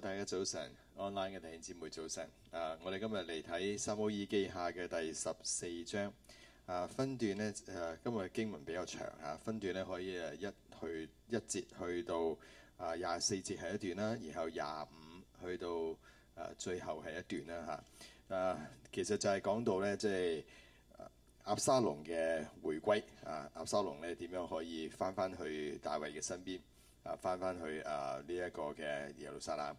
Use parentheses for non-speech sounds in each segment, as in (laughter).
大家早晨，online 嘅弟兄姊妹早晨。啊，我哋今日嚟睇《撒母耳記下》嘅第十四章。啊，分段呢，誒、啊，今日經文比較長吓、啊，分段呢可以誒一去一節去到啊廿四節係一段啦、啊，然後廿五去到、啊、最後係一段啦吓。啊，其實就係講到呢，即係押沙龍嘅回歸啊，押沙龍咧點樣可以翻返去大衛嘅身邊？啊，翻翻去啊呢一個嘅耶路撒冷，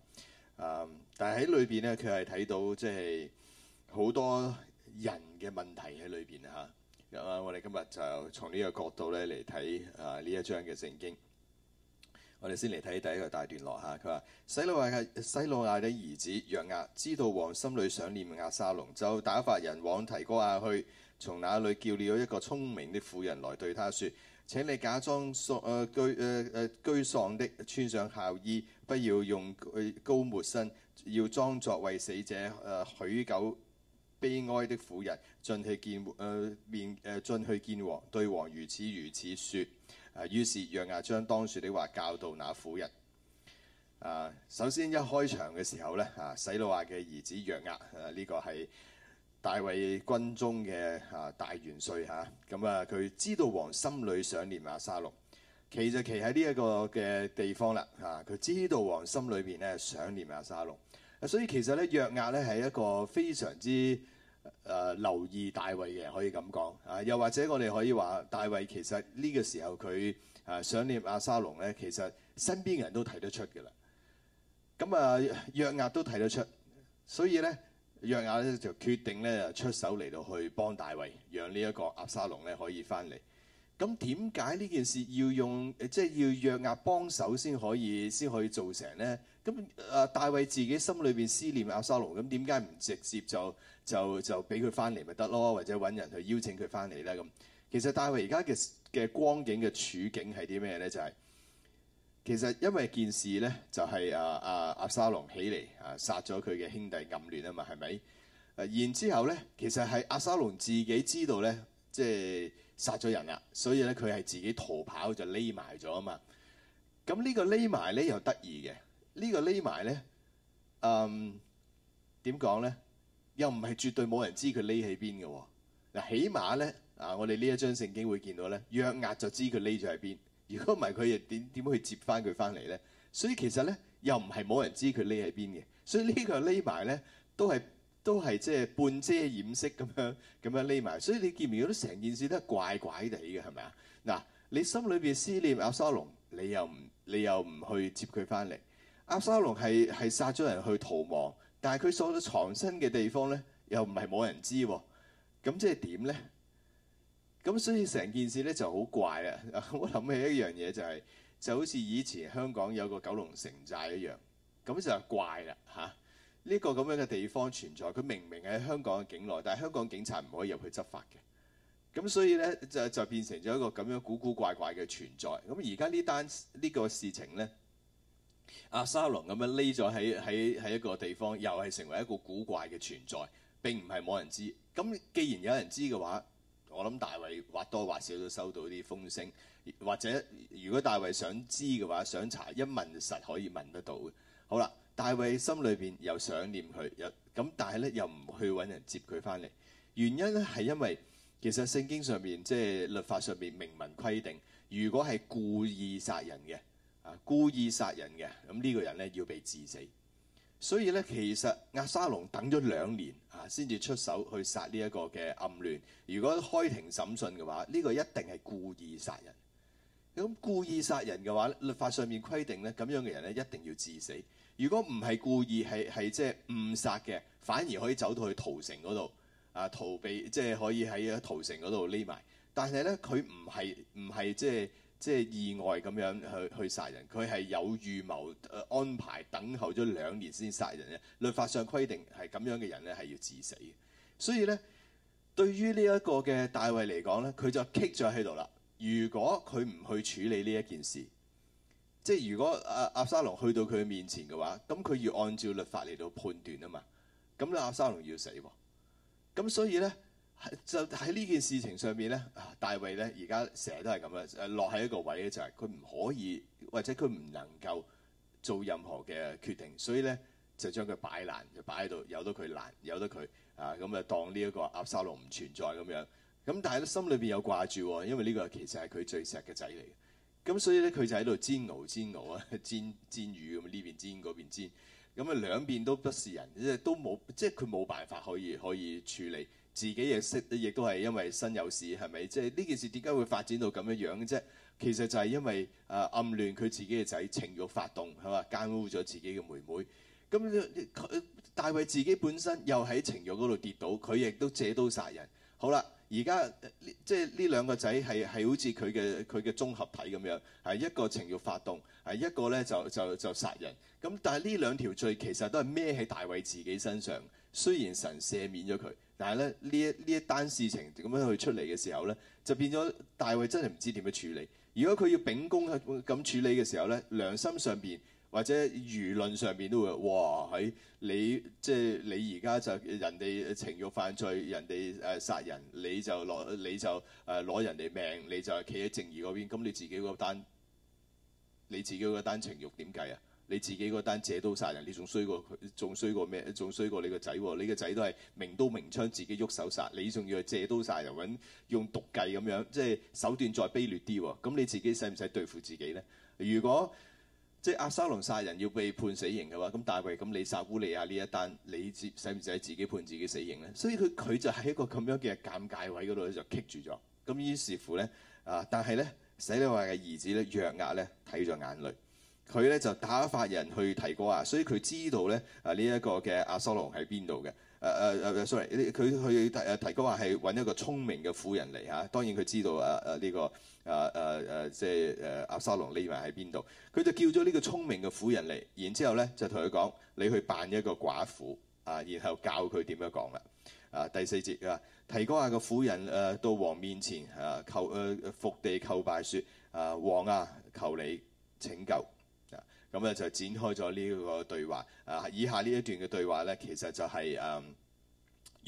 但但喺裏邊咧，佢係睇到即係好多人嘅問題喺裏邊嚇。咁我哋今日就從呢個角度咧嚟睇啊呢一章嘅聖經。我哋先嚟睇第一個大段落嚇。佢話：洗魯雅嘅洗魯雅的兒子約押知道王心裏想念押沙龍，就打發人往提哥亞去，從那裏叫了一個聰明的婦人來對他說。請你假裝喪誒、呃、居誒誒、呃、居喪的，穿上孝衣，不要用膏抹身，要裝作為死者誒、呃、許久悲哀的婦人，進去見誒面誒進去見王，對王如此如此説。啊、呃，於是約押將當説的話教導那婦人。啊、呃，首先一開場嘅時候呢啊、呃、洗魯雅嘅兒子約押，呢、呃這個係大衛軍中嘅啊大元帥嚇，咁啊佢知道王心裏想念押沙龍，其實企喺呢一個嘅地方啦嚇。佢、啊、知道王心裏邊咧想念押沙龍，所以其實咧約押咧係一個非常之誒、呃、留意大衛嘅，可以咁講啊。又或者我哋可以話大衛其實呢個時候佢啊想念押沙龍咧，其實身邊人都睇得出嘅啦。咁啊約押都睇得出，所以咧。約押咧就決定咧出手嚟到去幫大衛，讓呢一個押沙龍咧可以翻嚟。咁點解呢件事要用即係、就是、要約押幫手先可以先可以做成咧？咁啊大衛自己心裏邊思念押沙龍，咁點解唔直接就就就俾佢翻嚟咪得咯？或者揾人去邀請佢翻嚟咧？咁其實大衛而家嘅嘅光景嘅處境係啲咩咧？就係、是。其實因為件事咧，就係、是、啊啊亞撒龍起嚟啊殺咗佢嘅兄弟暗嫩啊嘛，係咪？誒、啊、然之後咧，其實係阿沙龍自己知道咧，即、就、係、是、殺咗人啦，所以咧佢係自己逃跑就匿埋咗啊嘛。咁、啊這個、呢、這個匿埋咧又得意嘅，呢個匿埋咧，嗯點講咧？又唔係絕對冇人知佢匿喺邊嘅。嗱、啊，起碼咧啊，我哋呢一章聖經會見到咧，約押就知佢匿咗喺邊。如果唔係佢又點點去接翻佢翻嚟咧？所以其實咧又唔係冇人知佢匿喺邊嘅，所以個呢個匿埋咧都係都係即係半遮掩飾咁樣咁樣匿埋。所以你見唔見到成件事都係怪怪地嘅係咪啊？嗱，你心裏邊思念押沙龍，你又唔你又唔去接佢翻嚟？押沙龍係係殺咗人去逃亡，但係佢所藏身嘅地方咧又唔係冇人知喎。咁即係點咧？咁所以成件事咧就好怪啊！我諗起一樣嘢就係、是，就好似以前香港有個九龍城寨一樣，咁就係怪啦嚇。呢、啊這個咁樣嘅地方存在，佢明明喺香港嘅境內，但係香港警察唔可以入去執法嘅。咁所以咧就就變成咗一個咁樣古古怪怪嘅存在。咁而家呢單呢個事情咧，阿沙龍咁樣匿咗喺喺喺一個地方，又係成為一個古怪嘅存在。並唔係冇人知。咁既然有人知嘅話，我諗大衞或多或少都收到啲風聲，或者如果大衞想知嘅話，想查一問實可以問得到。好啦，大衞心裏邊又想念佢，又咁，但係咧又唔去揾人接佢翻嚟。原因咧係因為其實聖經上面，即係律法上面明文規定，如果係故意殺人嘅啊，故意殺人嘅咁呢個人咧要被致死。所以咧，其實押沙龍等咗兩年嚇，先、啊、至出手去殺呢一個嘅暗嫩。如果開庭審訊嘅話，呢、這個一定係故意殺人。咁、啊、故意殺人嘅話，律法上面規定咧，咁樣嘅人咧一定要致死。如果唔係故意，係係即係誤殺嘅，反而可以走到去逃城嗰度啊，逃避即係、就是、可以喺逃城嗰度匿埋。但係咧，佢唔係唔係即係。即係意外咁樣去去殺人，佢係有預謀安排，等候咗兩年先殺人嘅。律法上規定係咁樣嘅人咧係要致死嘅。所以咧，對於呢一個嘅大衛嚟講咧，佢就棘咗喺度啦。如果佢唔去處理呢一件事，即係如果阿、啊、阿沙龍去到佢嘅面前嘅話，咁佢要按照律法嚟到判斷啊嘛。咁咧，阿沙龍要死喎。咁所以咧。就喺呢件事情上面咧，大衛咧而家成日都係咁啦。落喺一個位咧，就係佢唔可以或者佢唔能夠做任何嘅決定，所以咧就將佢擺爛，就擺喺度，由得佢爛，由得佢啊咁啊、嗯、當呢一個押沙龍唔存在咁樣。咁、嗯、但係咧心裏邊有掛住、哦，因為呢個其實係佢最錫嘅仔嚟嘅。咁、嗯、所以咧佢就喺度煎熬煎熬啊煎煎魚咁呢邊煎嗰邊煎，咁啊、嗯、兩邊都不是人，即係都冇即係佢冇辦法可以可以處理。自己亦識，亦都係因為身有事，係咪？即係呢件事點解會發展到咁樣樣嘅啫？其實就係因為啊、呃、暗嫩佢自己嘅仔情欲發動係嘛，姦污咗自己嘅妹妹。咁佢大衛自己本身又喺情欲嗰度跌倒，佢亦都借刀殺人。好啦，而家即係呢兩個仔係係好似佢嘅佢嘅綜合體咁樣，係一個情欲發動，係一個咧就就就，就殺人。咁但係呢兩條罪其實都係孭喺大衛自己身上。雖然神赦免咗佢。但係咧，呢一呢一單事情咁樣去出嚟嘅時候咧，就變咗大衞真係唔知點樣處理。如果佢要秉公咁處理嘅時候咧，良心上邊或者輿論上邊都會，哇喺、哎、你即係你而家就人哋情欲犯罪，人哋誒殺人，你就攞你就誒攞人哋命，你就企喺正義嗰邊，咁你自己嗰單你自己嗰單情欲點計啊？你自己嗰單借刀殺人，你仲衰過佢？仲衰過咩？仲衰過你個仔、哦、你個仔都係明刀明槍自己喐手殺，你仲要借刀殺人，揾用毒計咁樣，即係手段再卑劣啲喎、哦。咁你自己使唔使對付自己呢？如果即係押沙龍殺人要被判死刑嘅話，咁大衛咁你殺烏利亞呢一單，你自使唔使自己判自己死刑呢？所以佢佢就喺一個咁樣嘅尷尬位嗰度咧就棘住咗。咁於是乎咧，啊，但係咧，洗魯雅嘅兒子咧，約押咧，睇咗眼淚。佢咧就打發人去提哥亞，所以佢知道咧啊呢一個嘅阿撒龍喺邊度嘅。誒誒誒，sorry，佢去提哥亞係揾一個聰明嘅婦人嚟嚇、啊。當然佢知道啊啊呢個啊啊啊即係亞撒龍匿埋喺邊度。佢就叫咗呢個聰明嘅婦人嚟，然之後咧就同佢講：你去扮一個寡婦啊，然後教佢點樣講啦。啊、uh, 第四節啊，提哥亞個婦人誒到王面前、呃、啊，叩誒伏地叩拜，説啊王啊，求你拯救。咁咧就展開咗呢個對話啊，以下呢一段嘅對話咧，其實、就是，就係誒。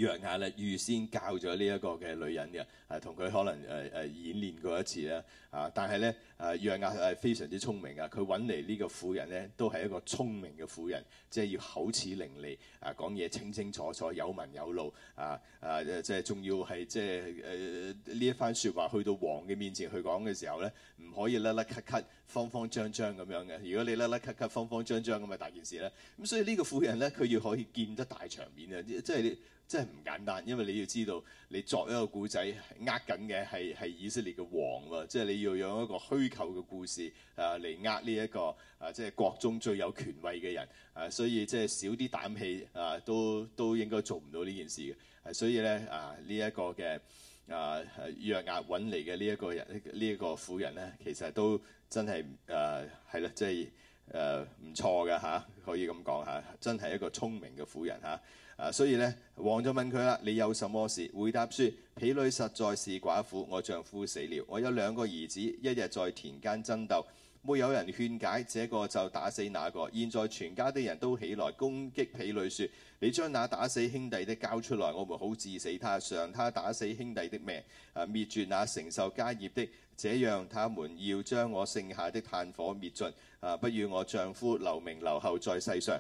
約押咧預先教咗呢一個嘅女人嘅，係同佢可能誒誒演練過一次啦。啊。但係咧，誒約押係非常之聰明啊！佢揾嚟呢個婦人咧，都係一個聰明嘅婦人，即係要口齒伶俐啊，講嘢清清楚楚，有文有路啊啊！即係仲要係即係誒呢一番說話去到王嘅面前去講嘅時候咧，唔可以甩甩咳咳、慌慌張張咁樣嘅。如果你甩甩咳咳、慌慌張張咁啊，大件事咧。咁所以呢個婦人咧，佢要可以見得大場面啊，即係。真係唔簡單，因為你要知道，你作一個古仔呃緊嘅係係以色列嘅王喎，即係你要用一個虛構嘅故事啊嚟呃呢一個啊即係國中最有權威嘅人啊，所以即係少啲膽氣啊，都都應該做唔到呢件事嘅，啊。所以咧啊，呢一個嘅啊約押揾嚟嘅呢一個人呢一個婦人咧，其實都真係啊係啦，即係誒唔錯㗎吓，可以咁講吓，真係一個聰明嘅婦人吓。啊啊，所以呢，王就問佢啦：你有什麼事？回答説：婢女實在是寡婦，我丈夫死了，我有兩個兒子，一日在田間爭鬥，沒有人勸解，這個就打死那個。現在全家的人都起來攻擊婢女，説：你將那打死兄弟的交出來，我們好治死他，償他打死兄弟的命。啊，滅絕那承受家業的，這樣他們要將我剩下的炭火滅盡。啊，不如我丈夫留名留後在世上。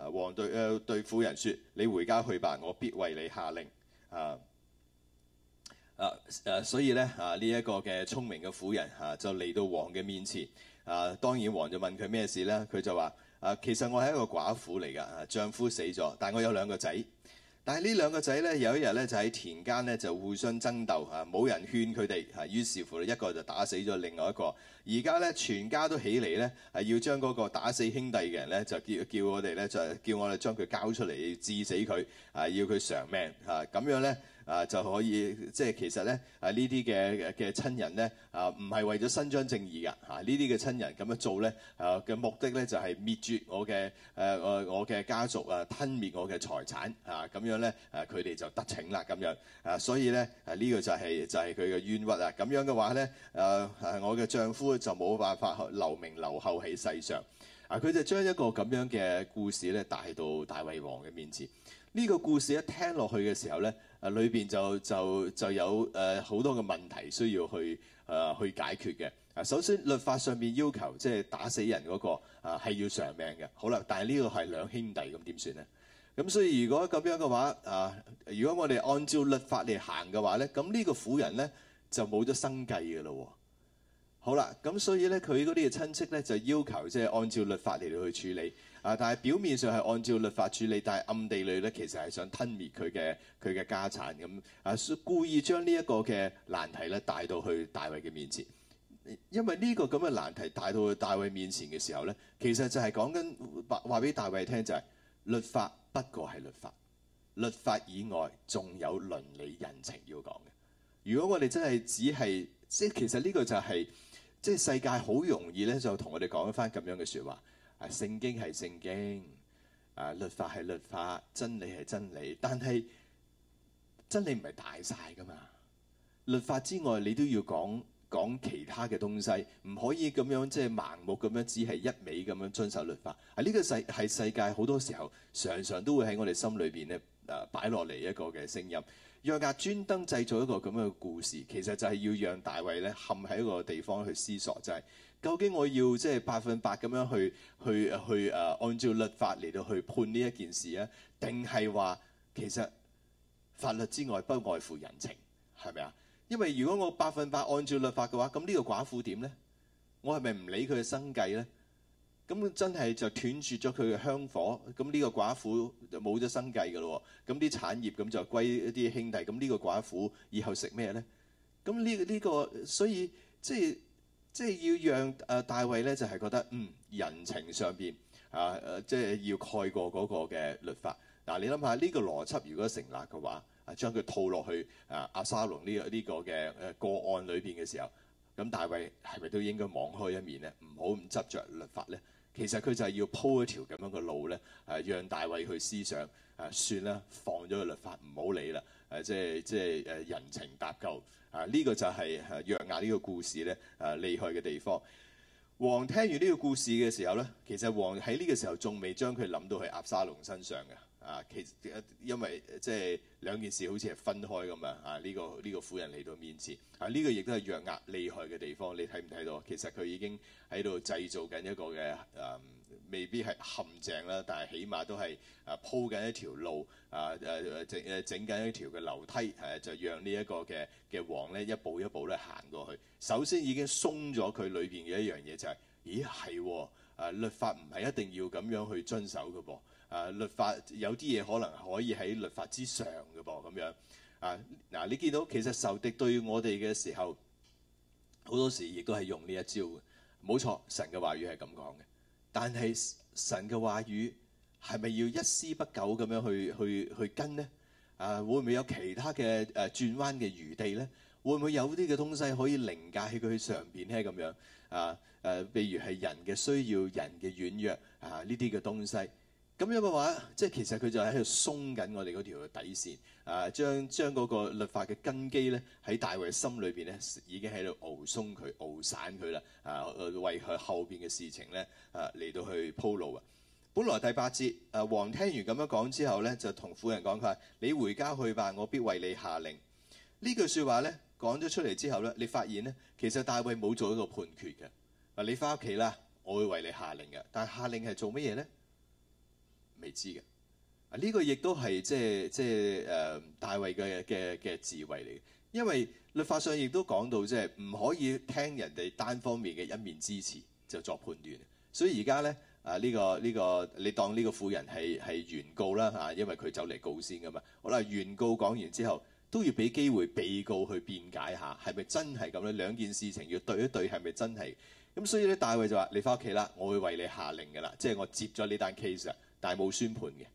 啊，王對誒、呃、對婦人説：你回家去吧，我必為你下令。啊啊誒、啊，所以咧啊，呢、這、一個嘅聰明嘅婦人啊，就嚟到王嘅面前。啊，當然王就問佢咩事咧，佢就話：啊，其實我係一個寡婦嚟㗎，丈夫死咗，但我有兩個仔。但係呢兩個仔咧，有一日咧就喺田間咧就互相爭鬥嚇，冇、啊、人勸佢哋嚇，於是乎一個就打死咗另外一個，而家咧全家都起嚟咧係要將嗰個打死兄弟嘅人咧就叫，就叫我哋咧就叫我哋將佢交出嚟、啊，要治死佢，要佢償命嚇，啊、咁樣咧。啊，就可以即係其實咧，啊呢啲嘅嘅親人咧啊，唔係為咗伸張正義噶嚇，呢啲嘅親人咁樣做咧啊嘅目的咧、啊、就係、是、滅絕我嘅誒誒我嘅家族啊，吞滅我嘅財產啊，咁樣咧啊，佢哋就得逞啦咁樣啊，所以咧啊呢、呢個就係、是、就係佢嘅冤屈啊。咁樣嘅話咧，誒、啊啊啊、我嘅丈夫就冇辦法留名留後喺世上啊。佢就將一個咁樣嘅故事咧帶到大衛王嘅面前。呢、呢個故事一聽落去嘅時候咧。啊，裏邊就就就有誒好、呃、多嘅問題需要去誒、呃、去解決嘅。啊，首先律法上面要求即係、就是、打死人嗰、那個啊係、呃、要償命嘅。好啦，但係呢個係兩兄弟咁點算呢？咁所以如果咁樣嘅話啊、呃，如果我哋按照律法嚟行嘅話咧，咁呢個婦人咧就冇咗生計嘅咯。好啦，咁所以咧佢嗰啲親戚咧就要求即係、就是、按照律法嚟到去處理。啊！但係表面上係按照律法處理，但係暗地裏咧，其實係想吞滅佢嘅佢嘅家產咁啊！故意將呢一個嘅難題咧帶到去大衛嘅面前，因為呢個咁嘅難題帶到去大衛面前嘅時候咧，其實就係講緊話話俾大衛聽就係、是、律法不過係律法，律法以外仲有倫理人情要講嘅。如果我哋真係只係即係其實呢個就係、是、即係世界好容易咧就同我哋講一翻咁樣嘅説話。啊，聖經係聖經，啊，律法係律法，真理係真理，但係真理唔係大晒噶嘛。律法之外，你都要講講其他嘅東西，唔可以咁樣即係、就是、盲目咁樣，只係一味咁樣遵守律法。啊，呢個世係世界好多時候，常常都會喺我哋心裏邊咧，誒、啊、擺落嚟一個嘅聲音。約押、啊、專登製造一個咁樣嘅故事，其實就係要讓大衛咧陷喺一個地方去思索，就係、是。究竟我要即係百分百咁樣去去去誒、啊、按照律法嚟到去判呢一件事咧，定係話其實法律之外不外乎人情係咪啊？因為如果我百分百按照律法嘅話，咁呢個寡婦點咧？我係咪唔理佢嘅生計咧？咁真係就斷絕咗佢嘅香火，咁呢個寡婦就冇咗生計㗎咯。咁啲產業咁就歸一啲兄弟，咁呢個寡婦以後食咩咧？咁呢呢個、呢個、所以即係。即係要讓誒大衛咧，就係、是、覺得嗯人情上邊啊誒，即係要蓋過嗰個嘅律法。嗱、啊，你諗下呢個邏輯，如果成立嘅話，啊將佢套落去啊押沙龍呢、這個呢、這個嘅個案裏邊嘅時候，咁大衛係咪都應該網開一面咧？唔好咁執着律法咧。其實佢就係要鋪一條咁樣嘅路咧，誒、啊、讓大衛去思想誒、啊、算啦，放咗個律法唔好理啦。誒、啊、即係即係誒人情搭救。啊！呢、這個就係約押呢個故事咧，誒、啊、厲害嘅地方。王聽完呢個故事嘅時候咧，其實王喺呢個時候仲未將佢諗到去押沙龍身上嘅。啊，其實因為即係、就是、兩件事好似係分開噶嘛，啊呢、這個呢、這個婦人嚟到面前，啊呢、這個亦都係約押厲害嘅地方，你睇唔睇到？其實佢已經喺度製造緊一個嘅誒、嗯，未必係陷阱啦，但係起碼都係誒鋪緊一條路，啊誒、啊、整整緊一條嘅樓梯，誒、啊、就讓呢一個嘅嘅王咧一步一步咧行過去。首先已經鬆咗佢裏邊嘅一樣嘢，就係、是、咦係，誒、哦啊、律法唔係一定要咁樣去遵守㗎噃。啊，律法有啲嘢可能可以喺律法之上嘅噃，咁樣啊，嗱，你見到其實仇敵對我哋嘅時候，好多時亦都係用呢一招嘅，冇錯，神嘅話語係咁講嘅。但係神嘅話語係咪要一絲不苟咁樣去去去跟呢？啊，會唔會有其他嘅誒、啊、轉彎嘅餘地呢？會唔會有啲嘅東西可以凌駕喺佢上邊呢？咁樣啊誒，譬、啊、如係人嘅需要、人嘅軟弱啊，呢啲嘅東西。咁樣嘅話，即係其實佢就喺度鬆緊我哋嗰條底線，啊，將將嗰個律法嘅根基咧，喺大衛嘅心裏邊咧，已經喺度熬鬆佢、熬散佢啦，啊，為佢後邊嘅事情咧，啊，嚟到去鋪路啊。本來第八節，啊，王聽完咁樣講之後咧，就同婦人講佢話：你回家去吧，我必為你下令。句呢句説話咧講咗出嚟之後咧，你發現咧，其實大衛冇做一個判決嘅。嗱、啊，你翻屋企啦，我會為你下令嘅。但係下令係做乜嘢咧？未知嘅啊，呢、這個亦都係即係即係誒、呃、大衛嘅嘅嘅智慧嚟嘅，因為律法上亦都講到即係唔可以聽人哋單方面嘅一面之詞就作判斷。所以而家咧啊，呢、這個呢、這個你當呢個婦人係係原告啦嚇、啊，因為佢走嚟告先噶嘛。好啦，原告講完之後都要俾機會被告去辯解下，係咪真係咁咧？兩件事情要對一對，係咪真係咁？所以咧，大衛就話：你翻屋企啦，我會為你下令噶啦，即係我接咗呢單 case 但係冇宣判嘅，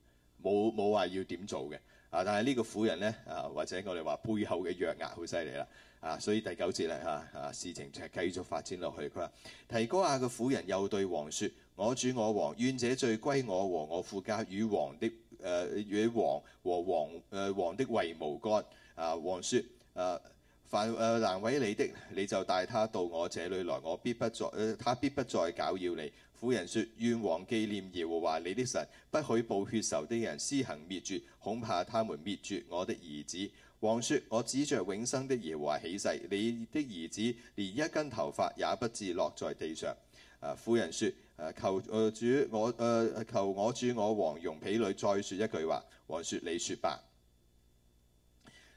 冇冇話要點做嘅啊！但係呢個婦人呢，啊，或者我哋話背後嘅約押好犀利啦啊！所以第九節咧嚇嚇，事情就係繼續發展落去。佢話：提哥亞嘅婦人又對王說：我主我王，願者罪歸我和我父家與王的誒、呃、與王和王誒、呃、王的位無干啊！王説：誒凡誒難為你的，你就帶他到我這裡來，我必不再誒他、呃、必不再攪擾你。婦人説：願王記念耶和華你的神，不許報血仇的人施行滅絕，恐怕他們滅絕我的兒子。王説：我指着永生的耶和華起誓，你的兒子連一根頭髮也不至落在地上。誒、啊，婦人説：求誒、呃、主我，我、呃、誒求我主我王容婢女，再説一句話。王説：你説吧。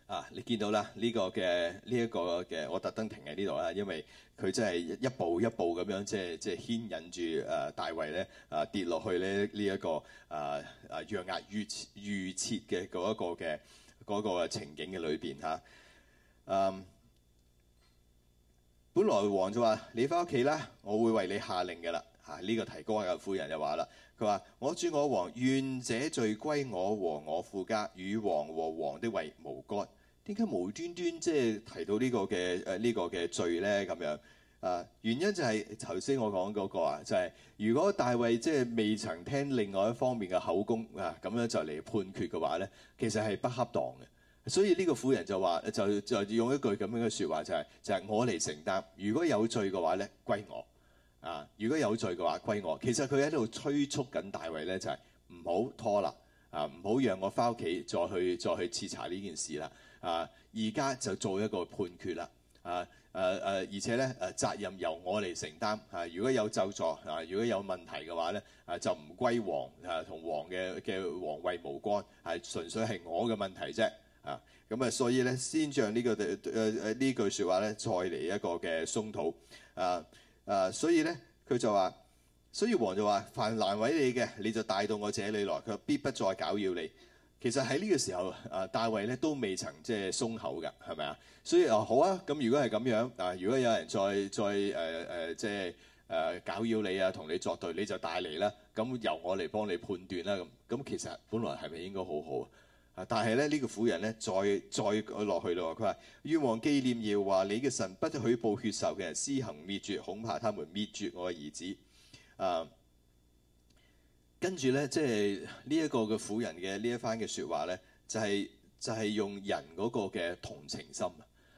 啊！你見到啦？呢、這個嘅呢一個嘅，我特登停喺呢度啦，因為佢真係一步一步咁樣，即係即係牽引住誒大衛咧，誒跌落去咧呢一個誒誒預壓預預設嘅嗰一個嘅嗰、這個這個、情景嘅裏邊嚇。嗯、啊，本來王就話：你返屋企啦，我會為你下令嘅啦。嚇、啊，呢、這個提哥亞婦人就話啦，佢話：我主我王，願這罪歸我，和我父家與王和王的位無干。點解無端端即係提到呢個嘅誒呢個嘅罪咧？咁樣啊，原因就係頭先我講嗰個啊，就係如果大衛即係未曾聽另外一方面嘅口供啊，咁樣就嚟判決嘅話咧，其實係不恰當嘅。所以呢個婦人就話就就用一句咁樣嘅説話就係就係我嚟承擔，如果有罪嘅話咧，歸我啊。如果有罪嘅話，歸我。其實佢喺度催促緊大衛咧，就係唔好拖啦啊，唔好讓我翻屋企再去再去徹查呢件事啦。啊！而家就做一個判決啦！啊！誒、啊、誒，而且咧誒，責任由我嚟承擔嚇、啊。如果有咒助，啊，如果有問題嘅話咧，啊就唔歸王啊，同王嘅嘅王位無關，係、啊、純粹係我嘅問題啫啊！咁啊，所以咧先將、這個呃、句話呢個誒誒呢句説話咧，再嚟一個嘅鬆土啊啊！所以咧，佢就話，所以王就話：凡難為你嘅，你就帶到我這裡來，佢必不再搞擾你。其實喺呢個時候，啊，大衛咧都未曾即係鬆口㗎，係咪啊？所以啊，好啊，咁如果係咁樣，啊，如果有人再再誒誒、呃呃、即係誒、呃、搞擾你啊，同你作對，你就帶嚟啦，咁、啊、由我嚟幫你判斷啦咁。咁、啊啊、其實本來係咪應該好好啊？但係咧，呢、這個婦人咧再再落去咯，佢話：願王記念耶和華，你嘅神不許報血仇嘅人施行滅絕，恐怕他們滅絕我嘅兒子。啊！跟住咧，即係呢一個嘅婦人嘅呢一番嘅説話咧，就係、是、就係、是、用人嗰個嘅同情心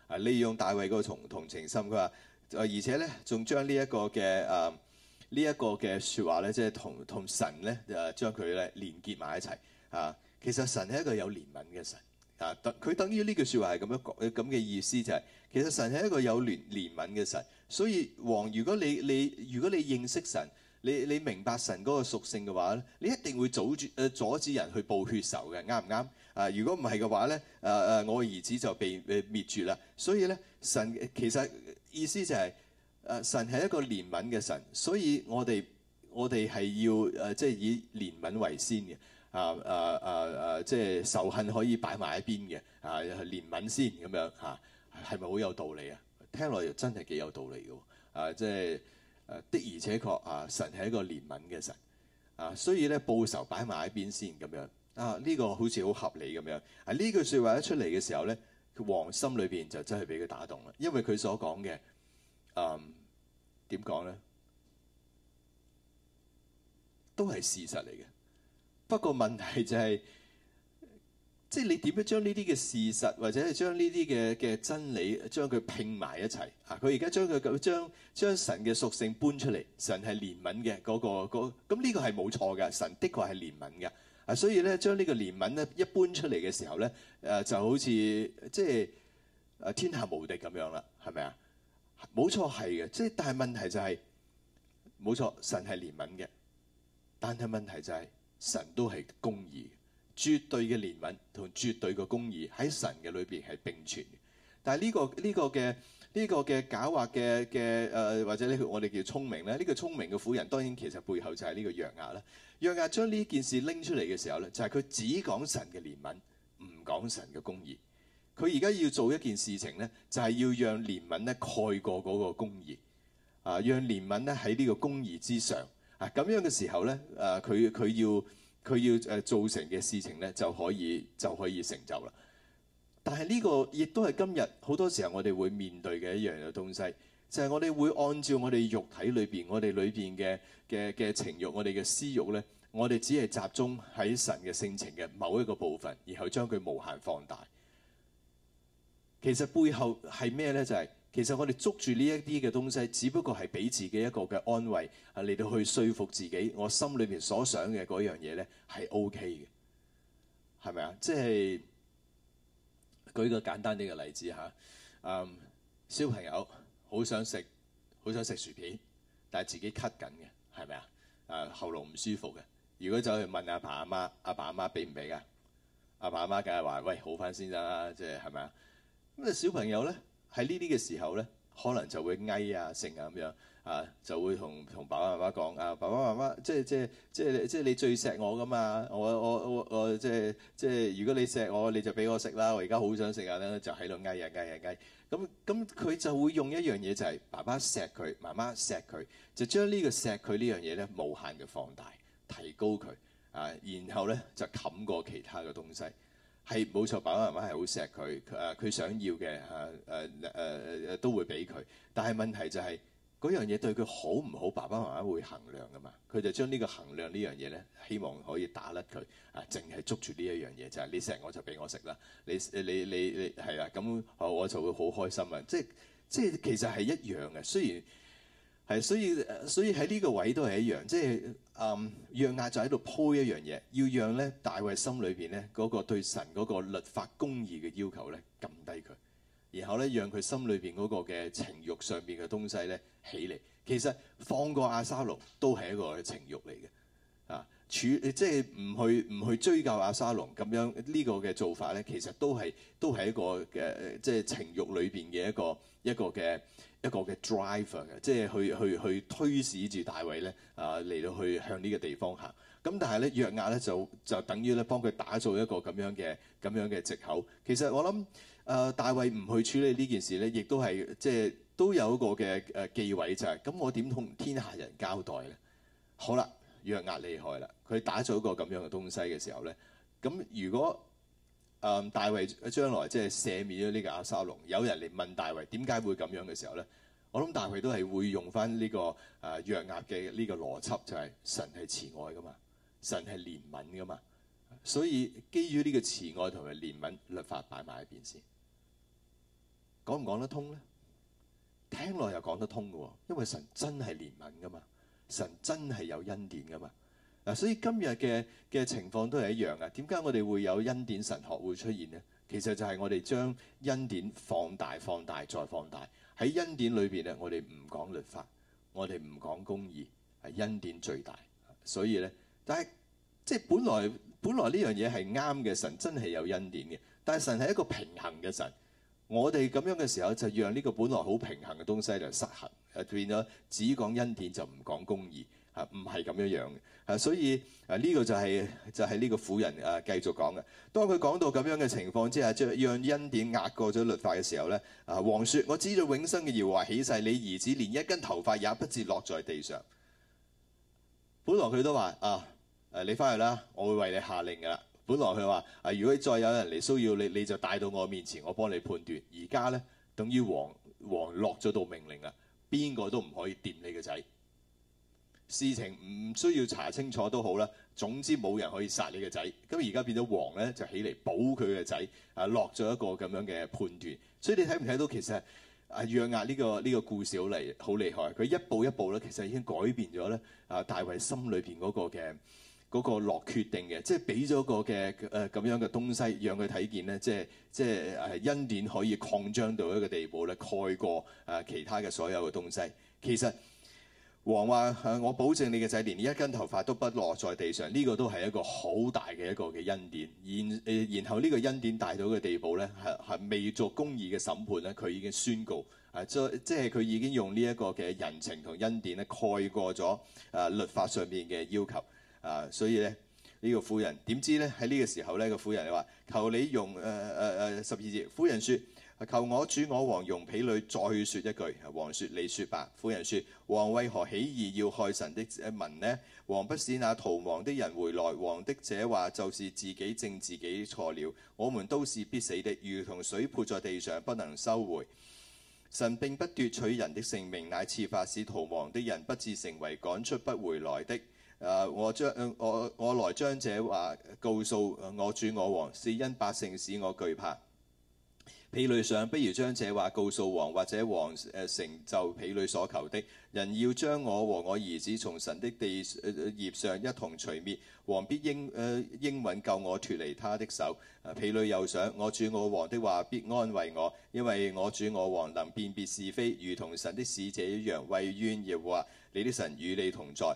啊，利用大衛嗰個同同情心，佢話而且咧仲將呢一個嘅誒、啊這個、呢一個嘅説話咧，即係同同神咧誒，將佢咧連結埋一齊啊。其實神係一個有憐憫嘅神啊，佢等於呢句説話係咁樣講，咁嘅意思就係、是、其實神係一個有憐憫嘅神，所以王如果你你，你如果你認識神。你你明白神嗰個屬性嘅話咧，你一定會阻住誒阻止人去報血仇嘅，啱唔啱？啊，如果唔係嘅話咧，誒、啊、誒我嘅兒子就被誒、呃、滅絕啦。所以咧，神其實意思就係、是、誒、啊、神係一個憐憫嘅神，所以我哋我哋係要誒即係以憐憫為先嘅。啊啊啊啊，即、啊、係、就是、仇恨可以擺埋一邊嘅。啊，憐憫先咁樣嚇，係咪好有道理啊？聽落又真係幾有道理嘅喎。啊，即、就、係、是。啊、的而且確啊，神係一個憐憫嘅神啊，所以咧，報仇擺埋一邊先咁樣啊，呢、呢個好似好合理咁樣啊。呢句説話一出嚟嘅時候咧，王心裏邊就真係俾佢打動啦，因為佢所講嘅嗯點講咧，都係事實嚟嘅。不過問題就係、是。即係你點樣將呢啲嘅事實，或者係將呢啲嘅嘅真理，將佢拼埋一齊啊！佢而家將佢咁將神嘅屬性搬出嚟，神係憐憫嘅嗰個個，咁、那、呢個係冇錯嘅，神的確係憐憫嘅啊！所以咧，將呢個憐憫咧一搬出嚟嘅時候咧，誒、啊、就好似即係誒天下無敵咁樣啦，係咪啊？冇錯係嘅，即係但係問題就係冇錯，神係憐憫嘅，但係問題就係、是、神都係公義。絕對嘅憐憫同絕對嘅公義喺神嘅裏邊係並存嘅，但係呢個呢個嘅呢個嘅狡猾嘅嘅誒，或者咧我哋叫聰明咧，呢個聰明嘅婦人當然其實背後就係呢個約押啦。約押將呢件事拎出嚟嘅時候咧，就係佢只講神嘅憐憫，唔講神嘅公義。佢而家要做一件事情咧，就係要讓憐憫咧蓋過嗰個公義，啊，讓憐憫咧喺呢個公義之上啊，咁樣嘅時候咧，誒佢佢要。佢要誒做成嘅事情咧，就可以就可以成就啦。但係呢個亦都係今日好多時候我哋會面對嘅一樣嘅東西，就係、是、我哋會按照我哋肉體裏邊，我哋裏邊嘅嘅嘅情欲，我哋嘅私欲咧，我哋只係集中喺神嘅性情嘅某一個部分，然後將佢無限放大。其實背後係咩咧？就係、是。其實我哋捉住呢一啲嘅東西，只不過係俾自己一個嘅安慰，係、啊、嚟到去説服自己，我心裏邊所想嘅嗰樣嘢咧係 OK 嘅，係咪啊？即係舉個簡單啲嘅例子嚇，嗯、啊，小朋友好想食好想食薯片，但係自己咳緊嘅，係咪啊？啊，喉嚨唔舒服嘅，如果走去問阿爸阿媽，阿爸阿媽俾唔俾啊？阿爸阿媽梗係話：喂，好翻先啦，即係係咪啊？咁啊，小朋友咧。喺呢啲嘅時候咧，可能就會嗌啊、勝啊咁樣啊，就會同同爸爸媽媽講啊，爸爸媽媽即係即係即係即係你最錫我噶嘛，我我我我即係即係如果你錫我，你就俾我食啦，我而家好想食啊，咧就喺度嗌啊嗌啊嗌，咁咁佢就會用一樣嘢就係爸爸錫佢、媽媽錫佢，就將呢個錫佢呢樣嘢咧無限嘅放大、提高佢啊，然後咧就冚過其他嘅東西。係冇錯，爸爸媽媽係好錫佢，佢想要嘅，誒誒誒都會俾佢。但係問題就係嗰樣嘢對佢好唔好，爸爸媽媽會衡量㗎嘛？佢就將呢個衡量呢樣嘢咧，希望可以打甩佢，啊，淨係捉住呢一樣嘢就係、是、你錫我就俾我食啦，你你你你係啦，咁、啊、我就會好開心啊！即即其實係一樣嘅，雖然係，所以所以喺呢個位都係一樣，即。誒讓亞就喺度鋪一樣嘢，要讓咧大衛心裏邊咧嗰個對神嗰個律法公義嘅要求咧撳低佢，然後咧讓佢心裏邊嗰個嘅情慾上邊嘅東西咧起嚟。其實放過押沙龍都係一個情慾嚟嘅啊，處即係唔去唔去追究押沙龍咁樣呢個嘅做法咧，其實都係都係一個嘅即係情慾裏邊嘅一個一個嘅。一個嘅 driver 嘅，即係去去去推使住大衛咧啊嚟到去向呢個地方行。咁但係咧，約押咧就就等於咧幫佢打造一個咁樣嘅咁樣嘅藉口。其實我諗誒、呃、大衛唔去處理呢件事咧，亦都係即係都有一個嘅誒忌諱就係、是，咁我點同天下人交代咧？好啦，約押厲害啦，佢打造一個咁樣嘅東西嘅時候咧，咁如果。嗯，大衛將來即係赦免咗呢個押沙龍。有人嚟問大衛點解會咁樣嘅時候咧，我諗大衛都係會用翻呢個誒約押嘅呢個邏輯，就係神係慈愛噶嘛，神係憐憫噶嘛。所以基於呢個慈愛同埋憐憫，律法擺埋一邊先，講唔講得通咧？聽落又講得通嘅喎，因為神真係憐憫噶嘛，神真係有恩典噶嘛。嗱、啊，所以今日嘅嘅情況都係一樣啊。點解我哋會有恩典神學會出現呢？其實就係我哋將恩典放大、放大再放大。喺恩典裏邊咧，我哋唔講律法，我哋唔講公義，係恩典最大。所以咧，但係即係本來本來呢樣嘢係啱嘅。神真係有恩典嘅，但係神係一個平衡嘅神。我哋咁樣嘅時候就讓呢個本來好平衡嘅東西就失衡，誒變咗只講恩典就唔講公義。嚇唔係咁樣樣嘅，嚇、啊、所以啊呢、這個就係、是、就係、是、呢個婦人啊繼續講嘅。當佢講到咁樣嘅情況之下，將讓恩典壓過咗律法嘅時候咧，啊王説：我指住永生嘅耶和華起誓，你兒子連一根頭髮也不致落在地上。本來佢都話啊誒你翻去啦，我會為你下令嘅啦。本來佢話啊，如果再有人嚟騷擾你，你就帶到我面前，我幫你判斷。而家咧，等於王王落咗道命令啊，邊個都唔可以掂你個仔。事情唔需要查清楚都好啦，總之冇人可以殺你個仔。咁而家變咗王咧，就起嚟保佢嘅仔，啊落咗一個咁樣嘅判斷，所以你睇唔睇到其實啊約押，呢個呢個故事好嚟好厲害，佢一步一步咧其實已經改變咗咧啊大衛心裏邊嗰個嘅嗰個落決定嘅，即係俾咗個嘅誒咁樣嘅東西，讓佢睇見咧，即係即係誒恩典可以擴張到一個地步咧，蓋過誒其他嘅所有嘅東西。其實。王話：我保證你嘅仔連一根頭髮都不落在地上。呢、這個都係一個好大嘅一個嘅恩典。然誒，然後呢個恩典大到嘅地步呢，係係未作公義嘅審判呢，佢已經宣告誒，即即係佢已經用呢一個嘅人情同恩典呢蓋過咗誒律法上面嘅要求。啊，所以呢，呢、這個夫人點知呢喺呢個時候呢、這個夫人就話：「求你用誒誒誒十二字。」夫人説。求我主我王容婢女，再說一句。王説：你説吧。婦人説：王為何起意要害神的民呢？王不是那逃亡的人回來。王的這話就是自己證自己錯了。我們都是必死的，如同水潑在地上，不能收回。神並不奪取人的性命，乃設法使逃亡的人不至成為趕出不回來的。誒、啊，我將、嗯、我我來將這話告訴我主我王，是因百姓使我懼怕。婢女想，不如將這話告訴王，或者王誒、呃、成就婢女所求的。人要將我和我兒子從神的地業、呃、上一同除滅，王必應誒應允救我脱離他的手。婢、呃、女又想，我主我王的話必安慰我，因為我主我王能辨別是非，如同神的使者一樣。惟願耶和華，你的神與你同在。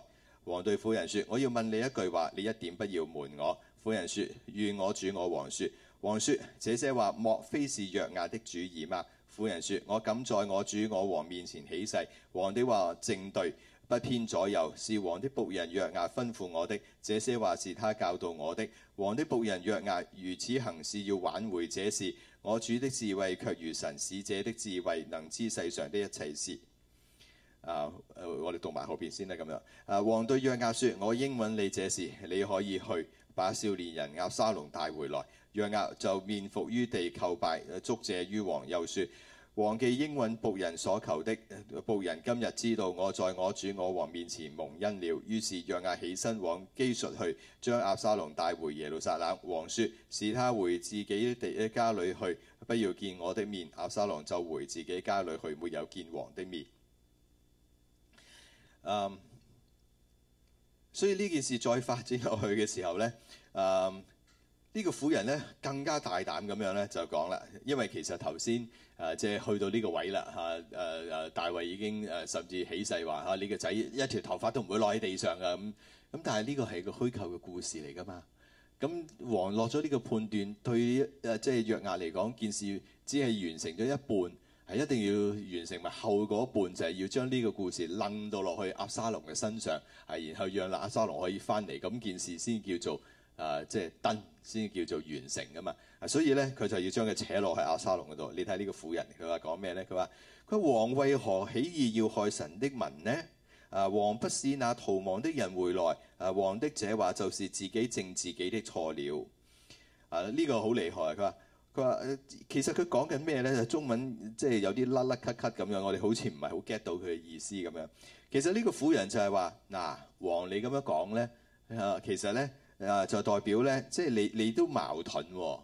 王對婦人說：我要問你一句話，你一點不要瞞我。婦人說：願我主我王說。王說：這些話莫非是約亞的主意嗎？婦人說：我敢在我主我王面前起誓，王的話正對，不偏左右，是王的僕人約亞吩咐我的。這些話是他教導我的。王的僕人約亞如此行事，要挽回這事。我主的智慧卻如神，使者的智慧能知世上的一切事。啊，我哋讀埋後邊先啦。咁樣啊，王對約亞說：我應允你這事，你可以去把少年人押沙龍帶回來。約押就面伏於地叩拜，祝謝於王，又說：王既應允僕人所求的，僕人今日知道我在我主我王面前蒙恩了。於是約押起身往基述去，將押沙龍帶回耶路撒冷。王說：使他回自己的家裏去，不要見我的面。押沙龍就回自己家裏去，沒有見王的面。Um, 所以呢件事再發展落去嘅時候呢。 (laughs) 嗯個婦呢個婦人咧更加大膽咁樣咧就講啦，因為其實頭先誒即係去到呢個位啦嚇，誒、呃、誒、呃、大衛已經誒、呃、甚至起誓話嚇、啊、你個仔一條頭髮都唔會落喺地上噶咁，咁、嗯、但係呢個係一個虛構嘅故事嚟噶嘛，咁、嗯、王落咗呢個判斷對誒、呃、即係約押嚟講，件事只係完成咗一半，係一定要完成埋後嗰半，就係、是、要將呢個故事掹到落去押沙龍嘅身上，係然後讓押沙龍可以翻嚟，咁件事先叫做。啊！即係登先叫做完成噶嘛啊，所以咧佢就要將佢扯落去押沙龍嗰度。你睇呢個婦人，佢話講咩咧？佢話佢話王為何起意要害神的民呢？啊！王不是那逃亡的人回來啊！王的這話就是自己正自己的錯了啊！呢、這個好厲害。佢話佢話其實佢講緊咩咧？中文即係有啲甩甩咳咳咁樣，我哋好似唔係好 get 到佢嘅意思咁、啊、樣、啊。其實呢個婦人就係話嗱，王你咁樣講咧其實咧。誒就代表咧，即係你你都矛盾喎。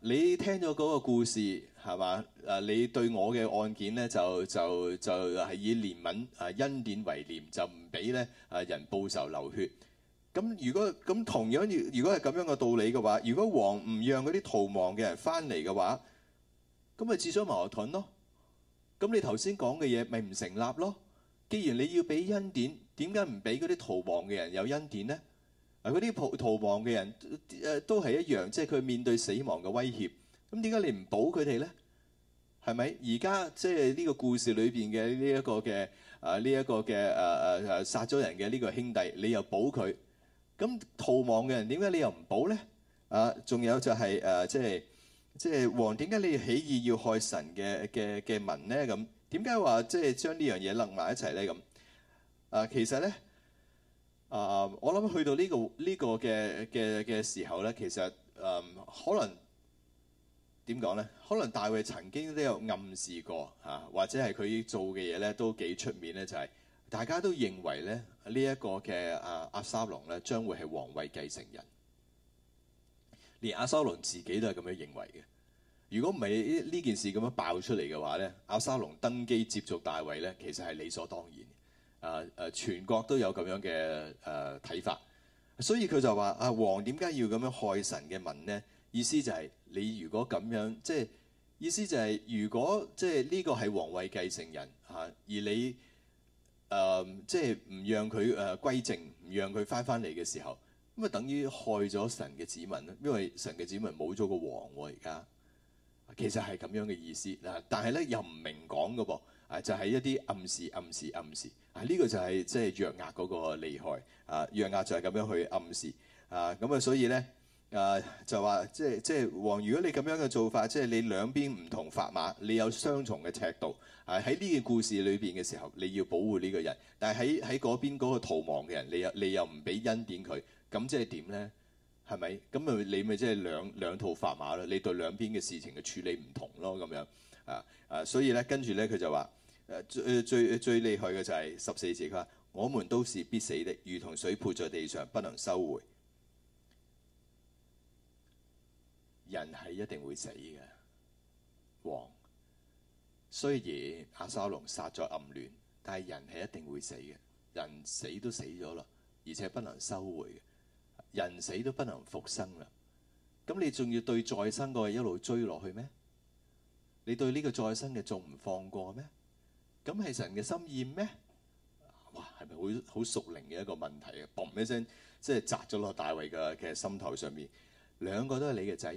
你聽咗嗰個故事係嘛？誒，你對我嘅案件咧，就就就係以憐憫誒恩典為念，就唔俾咧誒人報仇流血。咁如果咁同樣，如果係咁樣嘅道理嘅話，如果王唔讓嗰啲逃亡嘅人翻嚟嘅話，咁咪自相矛盾咯。咁你頭先講嘅嘢咪唔成立咯？既然你要俾恩典，點解唔俾嗰啲逃亡嘅人有恩典咧？嗱，嗰啲逃逃亡嘅人，誒都係一樣，即係佢面對死亡嘅威脅。咁點解你唔保佢哋咧？係咪？而家即係呢個故事裏邊嘅呢一個嘅啊呢一個嘅誒誒誒殺咗人嘅呢個兄弟，你又保佢？咁逃亡嘅人點解你又唔保咧？啊，仲有就係誒，即係即係王點解你起意要害神嘅嘅嘅民咧？咁點解話即係將呢樣嘢攬埋一齊咧？咁啊，其實咧。啊！Uh, 我諗去到呢、呢個呢、呢個嘅嘅嘅時候咧，其實嗯可能點講咧？可能大衛曾經都有暗示過嚇、啊，或者係佢做嘅嘢咧都幾出面咧，就係、是、大家都認為咧呢一、呢個嘅阿、啊、阿沙龍咧將會係王位繼承人，連阿沙龍自己都係咁樣認為嘅。如果唔係呢件事咁樣爆出嚟嘅話咧，阿沙龍登基接續大衛咧，其實係理所當然。啊誒全國都有咁樣嘅誒睇法，所以佢就話：啊王點解要咁樣害神嘅民呢？意思就係、是、你如果咁樣，即係意思就係、是、如果即係呢個係王位繼承人嚇、啊，而你誒、啊、即係唔讓佢誒歸政，唔讓佢翻翻嚟嘅時候，咁啊等於害咗神嘅子民咧。因為神嘅子民冇咗個王喎、啊，而家其實係咁樣嘅意思嗱、啊，但係咧又唔明講噶噃。啊，就係、是、一啲暗示、暗示、暗示。啊，呢、這個就係即係約押嗰個厲害。啊，約押就係咁樣去暗示。啊，咁啊、uh，所以咧，啊就話即係即係王，如果你咁樣嘅做法，即、就、係、是、你兩邊唔同法碼，你有雙重嘅尺度。啊，喺呢件故事裏邊嘅時候，你要保護呢個人，但係喺喺嗰邊嗰個逃亡嘅人，你又你又唔俾恩典佢，咁即係點咧？係咪？咁咪你咪即係兩兩套法碼咯？你對兩邊嘅事情嘅處理唔同咯，咁、啊、樣。啊啊，啊，所以咧，跟住咧，佢就話。呃、最最最厲害嘅就係十四字，佢話：我們都是必死的，如同水潑在地上，不能收回。人係一定會死嘅，亡。雖然阿沙龍殺咗暗亂，但係人係一定會死嘅。人死都死咗啦，而且不能收回。人死都不能復生啦。咁你仲要對再生個一路追落去咩？你對呢個再生嘅仲唔放過咩？咁係神嘅心意咩？哇，係咪好好熟靈嘅一個問題啊！嘣一聲，即係砸咗落大衛嘅嘅心頭上面。兩個都係你嘅仔，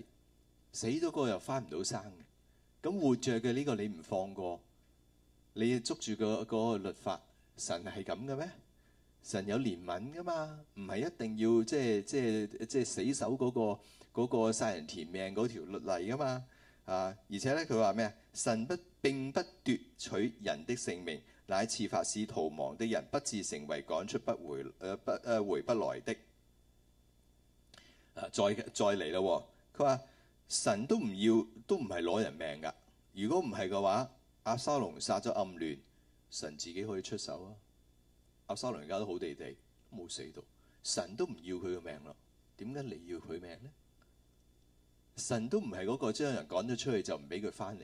死咗個又翻唔到生嘅。咁活着嘅呢個你唔放過，你捉住嗰個嗰個律法，神係咁嘅咩？神有憐憫噶嘛？唔係一定要即係即係即係死守嗰個嗰個殺人填命嗰條律例噶嘛？啊！而且咧，佢話咩啊？神不並不奪取人的性命，乃設法使逃亡的人不至成為趕出不回、誒、呃、不誒、呃、回不來的。啊、再再嚟咯、哦！佢話神都唔要，都唔係攞人命噶。如果唔係嘅話，押沙龍殺咗暗嫩，神自己可以出手啊！押沙龍而家都好地地，冇死到，神都唔要佢嘅命咯。點解你要佢命咧？神都唔係嗰個將人趕咗出去就唔俾佢翻嚟，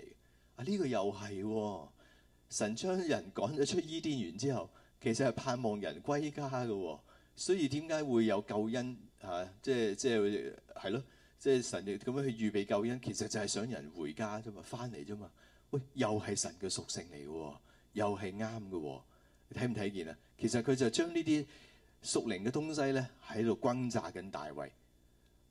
啊？呢、呢個又係。哦，神將人趕咗出伊甸園之後，其實係盼望人歸家嘅。哦，所以點解會有救恩嚇、啊？即係即係係咯，即係神咁樣去預備救恩，其實就係想人回家啫嘛，翻嚟啫嘛。喂，又係神嘅屬性嚟嘅。哦，又係啱嘅，睇唔睇見啊？其實佢就將呢啲屬靈嘅東西咧喺度轟炸緊大衛。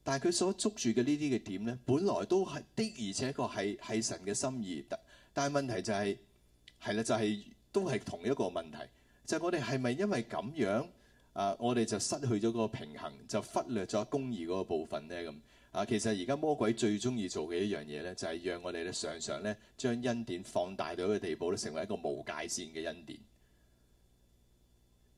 但係佢所捉住嘅呢啲嘅點咧，本來都係的，而且確係係神嘅心意。但但係問題就係、是，係啦，就係、是、都係同一個問題，就係、我哋係咪因為咁樣啊，我哋就失去咗個平衡，就忽略咗公義嗰個部分咧？咁啊，其實而家魔鬼最中意做嘅一樣嘢咧，就係、是、讓我哋咧常常咧將恩典放大到一個地步咧，成為一個無界線嘅恩典。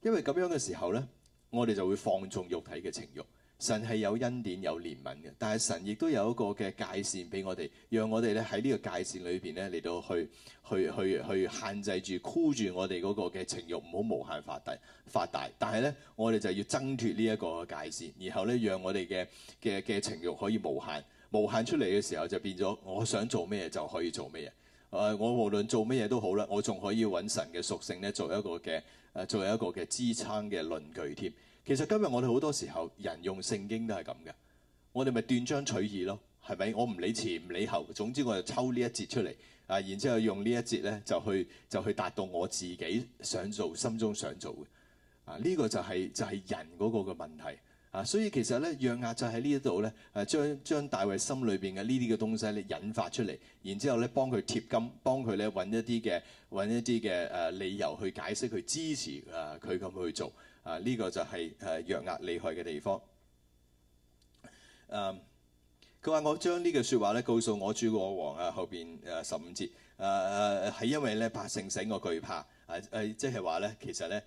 因為咁樣嘅時候咧，我哋就會放縱肉體嘅情慾。神係有恩典有憐憫嘅，但係神亦都有一個嘅界線俾我哋，讓我哋咧喺呢個界線裏邊咧嚟到去去去去限制住箍住我哋嗰個嘅情慾，唔好無限發大發大。但係咧，我哋就要掙脫呢一個界線，然後咧，讓我哋嘅嘅嘅情慾可以無限無限出嚟嘅時候，就變咗我想做咩就可以做咩嘢。誒、呃，我無論做咩嘢都好啦，我仲可以搵神嘅屬性咧、啊，做一個嘅誒、啊，做一個嘅支撐嘅論據添。啊。其實今日我哋好多時候人用聖經都係咁嘅，我哋咪斷章取義咯，係咪？我唔理前唔理後，總之我就抽呢一節出嚟，啊，然之後用呢一節咧就去就去達到我自己想做、心中想做嘅。啊，呢個就係就係人嗰個嘅問題。啊，所以其實咧，約押就喺呢度咧，誒將將大衛心裏邊嘅呢啲嘅東西咧引發出嚟，然之後咧幫佢貼金，幫佢咧揾一啲嘅揾一啲嘅誒理由去解釋去支持啊佢咁去做。啊！呢、這個就係、是、誒、啊、約押厲害嘅地方。誒、啊，佢話我將呢句説話咧，告訴我主我王啊，後邊誒、啊、十五節誒誒，係、啊啊、因為咧百姓使我懼怕啊誒、啊，即係話咧其實咧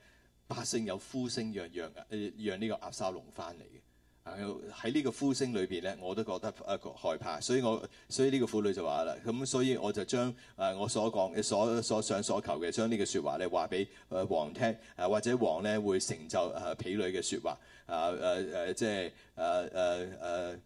百姓有呼聲嚷嚷嘅，讓呢個押沙龍翻嚟嘅。喺呢、啊、個呼聲裏邊咧，我都覺得啊害怕，所以我所以呢個婦女就話啦，咁、啊、所以我就將誒、啊、我所講嘅所所想所，所求嘅，將呢個説話咧話俾王聽，誒、啊、或者王咧會成就誒婢女嘅説話，啊誒誒即係誒誒誒誒係啦，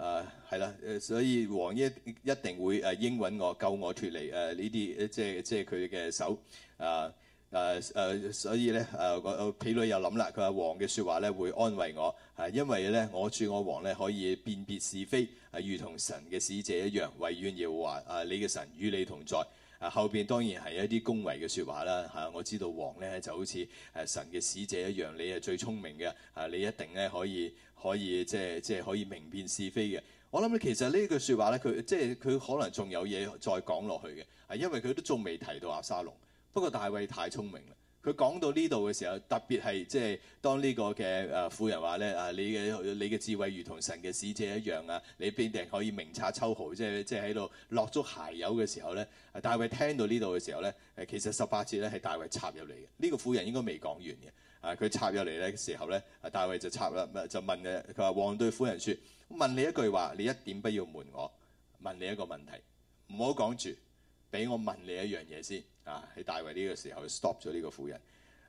誒、啊啊啊啊啊啊啊、所以王一一定會誒應允我救我脱離誒呢啲即係即係佢嘅手啊。誒誒、呃，所以咧誒個婢女又諗啦，佢話王嘅説話咧會安慰我，係、啊、因為咧我主我王咧可以辨別是非，係、啊、如同神嘅使者一樣。惟願耶和華啊，你嘅神與你同在。啊、後邊當然係一啲恭維嘅説話啦。嚇、啊，我知道王咧就好似誒神嘅使者一樣，你係最聰明嘅，係、啊、你一定咧可以可以，可以即係即係可以明辨是非嘅。我諗其實句呢句説話咧，佢即係佢可能仲有嘢再講落去嘅，係、啊、因為佢都仲未提到押沙龍。不過大衛太聰明啦，佢講到呢度嘅時候，特別係即係當呢個嘅誒婦人話咧啊，你嘅你嘅智慧如同神嘅使者一樣啊，你必定可以明察秋毫，即係即係喺度落足鞋油嘅時候咧，啊，大衛聽到呢度嘅時候咧，誒其實十八節咧係大衛插入嚟嘅，呢、這個婦人應該未講完嘅，啊佢插入嚟咧時候咧，啊，大衛就插入就問嘅，佢話王對婦人説，問你一句話，你一點不要瞞我，問你一個問題，唔好講住。俾我問你一樣嘢先，啊，喺大衛呢個時候 stop 咗呢個婦人，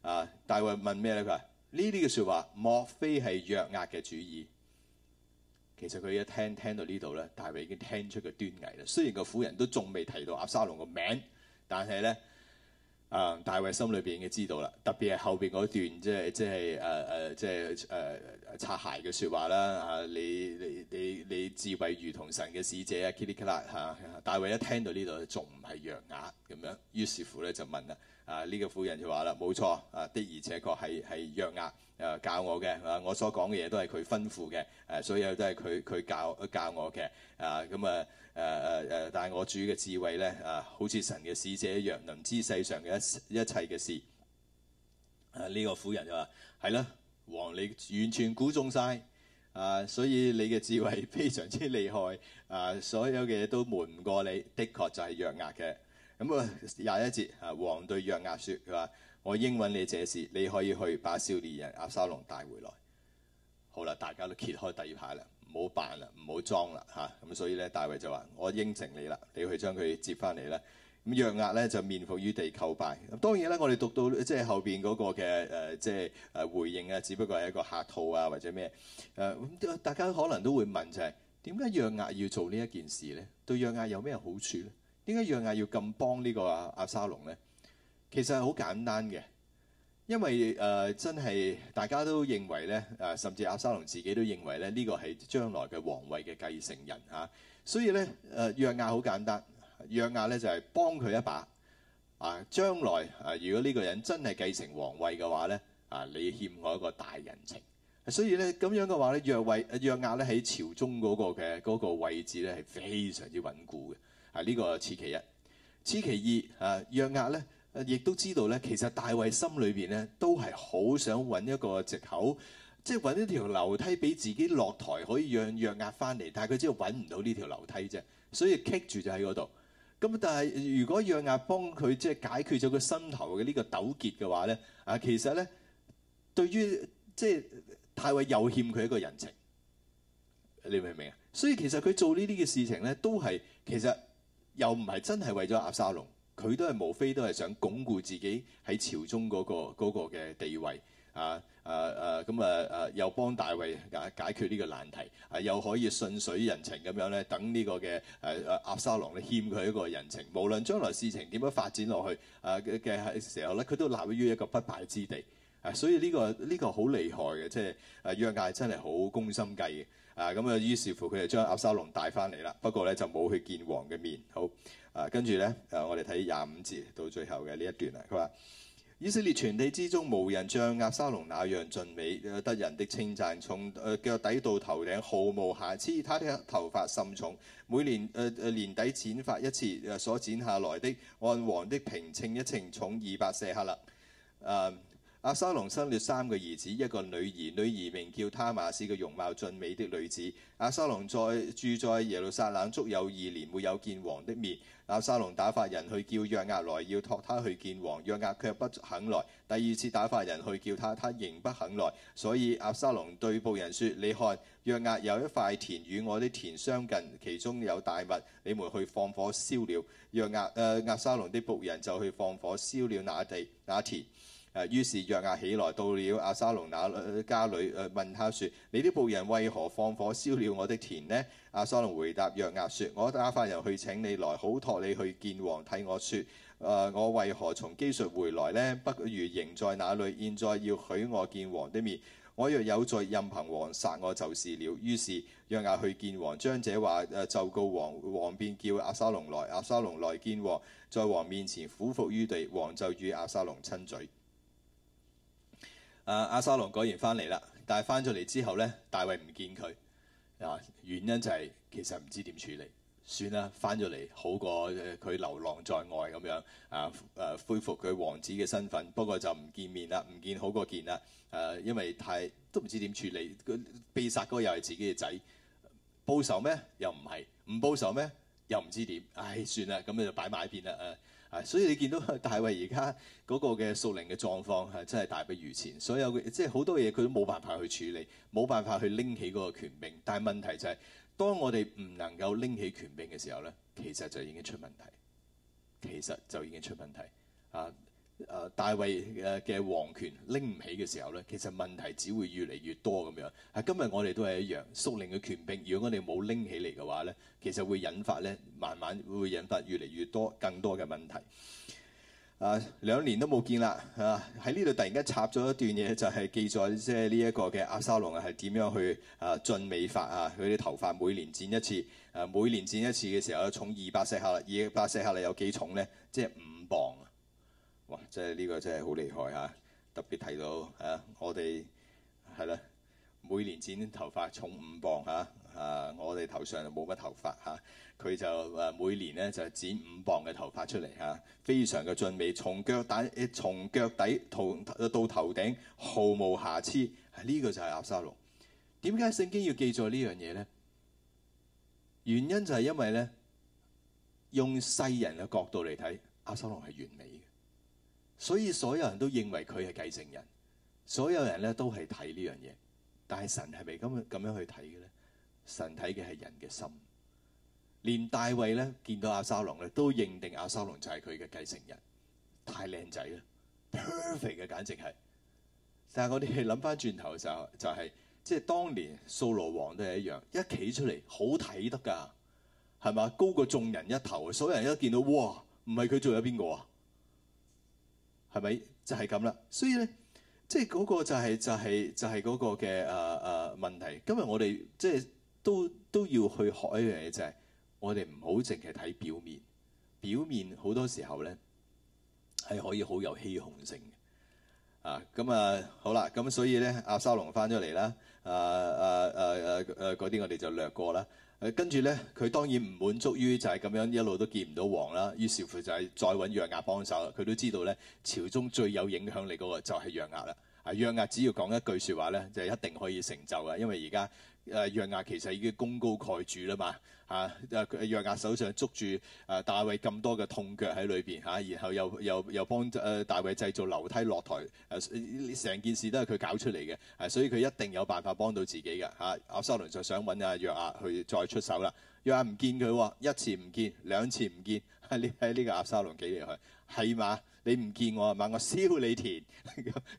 啊，大衛問咩咧？佢話呢啲嘅説話莫非係約押嘅主意？其實佢一聽聽到呢度咧，大衛已經聽出個端倪啦。雖然個婦人都仲未提到押沙龍個名，但係咧。啊！Uh, 大衛心裏邊已經知道啦，特別係後面嗰段，即係、uh, uh, 即係誒誒，即係誒擦鞋嘅説話啦。啊、uh,！你你你你智慧如同神嘅使者啊，kitty 卡拉嚇！Uh, 大衛一聽到呢度，仲唔係揚額咁樣？於是乎呢就問啦。啊！呢、這個婦人就話啦：冇錯，啊的而且確係係約押啊教我嘅，係我所講嘅嘢都係佢吩咐嘅，誒，所有都係佢佢教教我嘅。啊，咁啊，誒誒誒，但係我主嘅智慧咧，啊，好似神嘅使者一樣，能知世上嘅一一切嘅事。啊，呢、這個婦人就話：係、啊、啦，王，你完全估中晒。」啊，所以你嘅智慧非常之厲害，啊，所有嘅嘢都瞞唔過你的，的確就係約押嘅。咁啊廿一節啊，王對約押説：佢話我應允你這事，你可以去把少年人押沙龍帶回來。好啦，大家都揭開底牌啦，唔好扮啦，唔好裝啦嚇。咁所以咧，大衛就話：我應承你啦，你去將佢接翻嚟啦。咁約押咧就面伏於地叩拜。咁當然啦，我哋讀到即係後邊嗰個嘅誒，即係誒、呃呃、回應啊，只不過係一個客套啊，或者咩誒？咁、呃、大家可能都會問就係點解約押要做呢一件事咧？對約押有咩好處咧？點解約亞要咁幫呢個阿沙龍咧？其實係好簡單嘅，因為誒、呃、真係大家都認為咧誒、呃，甚至阿沙龍自己都認為咧呢、呢個係將來嘅皇位嘅繼承人啊，所以咧誒約亞好簡單，約亞咧就係幫佢一把啊。將來誒、呃，如果呢個人真係繼承皇位嘅話咧啊，你欠我一個大人情，所以咧咁樣嘅話咧，約亞約亞咧喺朝中嗰個嘅嗰、嗰個、位置咧係非常之穩固嘅。係呢個此其一，此其二啊。約押咧，亦都知道咧，其實大衛心裏邊咧都係好想揾一個藉口，即係揾一條樓梯俾自己落台，可以讓約押翻嚟。但係佢只係揾唔到呢條樓梯啫，所以棘住就喺嗰度。咁但係如果約押幫佢即係解決咗佢心頭嘅呢個糾結嘅話咧，啊其實咧對於即係大衛又欠佢一個人情，你明唔明啊？所以其實佢做呢啲嘅事情咧，都係其實。又唔係真係為咗押沙龍，佢都係無非都係想鞏固自己喺朝中嗰、那個嘅、嗰個、地位啊啊啊。咁啊啊，又幫大衛解解決呢個難題，啊，又可以順水人情咁樣咧，等呢個嘅誒押沙龍咧欠佢一個人情。無論將來事情點樣發展落去啊嘅嘅時候咧，佢都立於一個不敗之地。啊、所以呢、呢個呢、呢個好厲害嘅，即係約押真係好攻心計嘅。啊咁啊，於是乎佢哋將押沙龍帶翻嚟啦。不過咧就冇去見王嘅面。好啊，跟住咧，誒我哋睇廿五節到最後嘅呢一段啊。佢話：以色列全地之中無人像押沙龍那樣俊美，得人的稱讚。從腳底到頭頂毫無瑕疵，他的頭髮甚重，每年誒誒、呃、年底剪髮一次，所剪下來的按王的平秤一稱重二百舍客勒啦。誒、啊。阿沙龍生了三個兒子，一個女兒。女兒名叫他瑪，是個容貌俊美的女子。阿沙龍在住在耶路撒冷足有二年，沒有見王的面。阿沙龍打發人去叫約押來，要託他去見王，約押卻不肯來。第二次打發人去叫他，他仍不肯來。所以阿沙龍對僕人說：你看約押有一塊田與我的田相近，其中有大麥，你們去放火燒了約押。誒亞、呃、阿沙龍的僕人就去放火燒了那地那田。誒，於是約押起來，到了押沙龍那家裏，誒、呃、問他說：你的僕人為何放火燒了我的田呢？押沙龍回答約押說：我打發人去請你來，好託你去見王，替我説、呃、我為何從基述回來呢？不如仍在那裏。現在要許我見王的面，我若有罪，任憑王殺我就是了。於是約押去見王，將這話奏告王，王便叫押沙龍來，押沙龍來見王，在王面前俯伏於地，王就與押沙龍親嘴。阿、啊、押沙龍果然翻嚟啦，但係翻咗嚟之後咧，大衛唔見佢，啊原因就係、是、其實唔知點處理，算啦，翻咗嚟好過佢流浪在外咁樣，啊誒、啊、恢復佢王子嘅身份，不過就唔見面啦，唔見好過見啦，誒、啊、因為太都唔知點處理，被殺嗰個又係自己嘅仔，報仇咩？又唔係，唔報仇咩？又唔知點，唉、哎，算啦，咁樣就擺埋一邊啦，誒、啊。啊！所以你見到大衞而家嗰個嘅屬靈嘅狀況係真係大不如前，所有嘅即係好多嘢佢都冇辦法去處理，冇辦法去拎起嗰個權柄。但係問題就係、是，當我哋唔能夠拎起權柄嘅時候咧，其實就已經出問題，其實就已經出問題啊！誒、呃、大衞誒嘅皇權拎唔起嘅時候咧，其實問題只會越嚟越多咁樣。係、啊、今日我哋都係一樣，屬靈嘅權柄。如果我哋冇拎起嚟嘅話咧，其實會引發咧，慢慢會引發越嚟越多更多嘅問題。誒、啊、兩年都冇見啦，喺呢度突然間插咗一段嘢，就係、是、記載即係呢一個嘅押沙龍係點樣去誒俊美㗎。啊，佢啲、啊、頭髮每年剪一次，誒、啊、每年剪一次嘅時候，重二百舍客勒，二百舍客勒嚟有幾重咧？即、就、係、是、五磅。哇！即係呢個真係好厲害嚇，特別睇到啊，我哋係啦，每年剪啲頭髮重五磅嚇啊！我哋頭上就冇乜頭髮嚇，佢、啊、就誒、啊、每年咧就剪五磅嘅頭髮出嚟嚇、啊，非常嘅俊美，從腳底誒從腳底頭到頭頂毫無瑕疵。呢、啊這個就係押沙龍。點解聖經要記載呢樣嘢咧？原因就係因為咧，用世人嘅角度嚟睇，押沙龍係完美。所以所有人都認為佢係繼承人，所有人咧都係睇呢樣嘢。但係神係咪咁樣咁樣去睇嘅咧？神睇嘅係人嘅心。連大衛咧見到阿沙龍咧都認定阿沙龍就係佢嘅繼承人，太靚仔啦，perfect 嘅簡直係。但係我哋諗翻轉頭嘅時候，就係即係當年掃羅王都係一樣，一企出嚟好睇得㗎，係咪？高過眾人一頭，所有人一見到哇，唔係佢仲有邊個啊？係咪就係咁啦？所以咧，即係嗰個就係、係、就係就係嗰個嘅誒誒問題。今日我哋即係都都要去學一樣嘢、就係，就係我哋唔好淨係睇表面。表面好多時候咧係可以好有欺哄性嘅啊。咁啊好啦，咁所以咧押沙龍返咗嚟啦，誒誒誒誒誒嗰啲我哋就略過啦。誒跟住咧，佢當然唔滿足於就係、是、咁樣一路都見唔到王啦。於是乎就係再揾約押幫手。佢都知道咧，朝中最有影響力嗰個就係約押啦。啊，約押只要講一句説話咧，就係、一定可以成就嘅，因為而家誒約押其實已經功高蓋主啦嘛。啊！誒約押手上捉住誒、啊、大衛咁多嘅痛腳喺裏邊嚇，然後又又又幫誒大衛製造樓梯落台誒，成、啊、件事都係佢搞出嚟嘅。誒、啊，所以佢一定有辦法幫到自己嘅嚇。押沙龍就想揾阿約押去再出手啦，約押唔見佢喎、哦，一次唔見，兩次唔見，喺喺呢個押沙龍幾厲害，係嘛？你唔見我係咪？我燒你田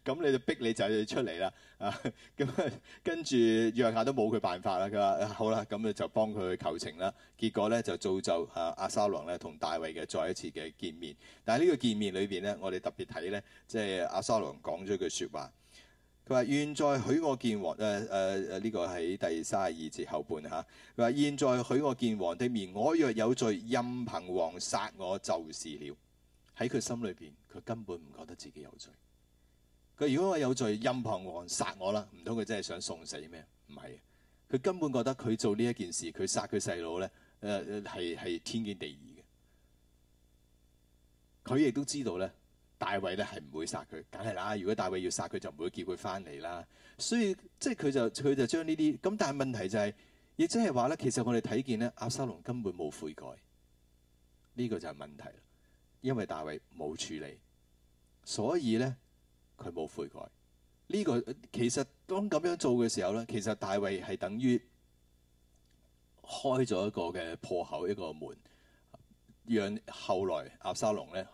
咁， (laughs) 你就逼你就出嚟啦。咁、啊嗯、跟住約下都冇佢辦法啦。佢話、啊、好啦，咁、嗯、你就幫佢求情啦。結果咧就造就阿阿、啊、沙龍咧同大衛嘅再一次嘅見面。但係呢個見面裏邊咧，我哋特別睇咧，即係阿莎龍講咗句説話。佢話：願在許我見王誒誒誒，呢個喺第三十二節後半嚇。佢、啊、話：現在許我見王的面，我若有罪，任憑王殺我就是了。喺佢心裏邊，佢根本唔覺得自己有罪。佢話如果我有罪，任憑王殺我啦，唔通佢真係想送死咩？唔係，佢根本覺得佢做呢一件事，佢殺佢細佬咧，誒係係天經地義嘅。佢亦都知道咧，大衛咧係唔會殺佢，梗係啦。如果大衛要殺佢，就唔會叫佢翻嚟啦。所以即係佢就佢就將呢啲咁，但係問題就係亦即係話咧，其實我哋睇見咧，押沙龍根本冇悔改，呢、呢個就係問題啦。因為大衛冇處理，所以咧佢冇悔改。呢個其實當咁樣做嘅時候咧，其實大衛係等於開咗一個嘅破口，一個門，讓後來押沙龍咧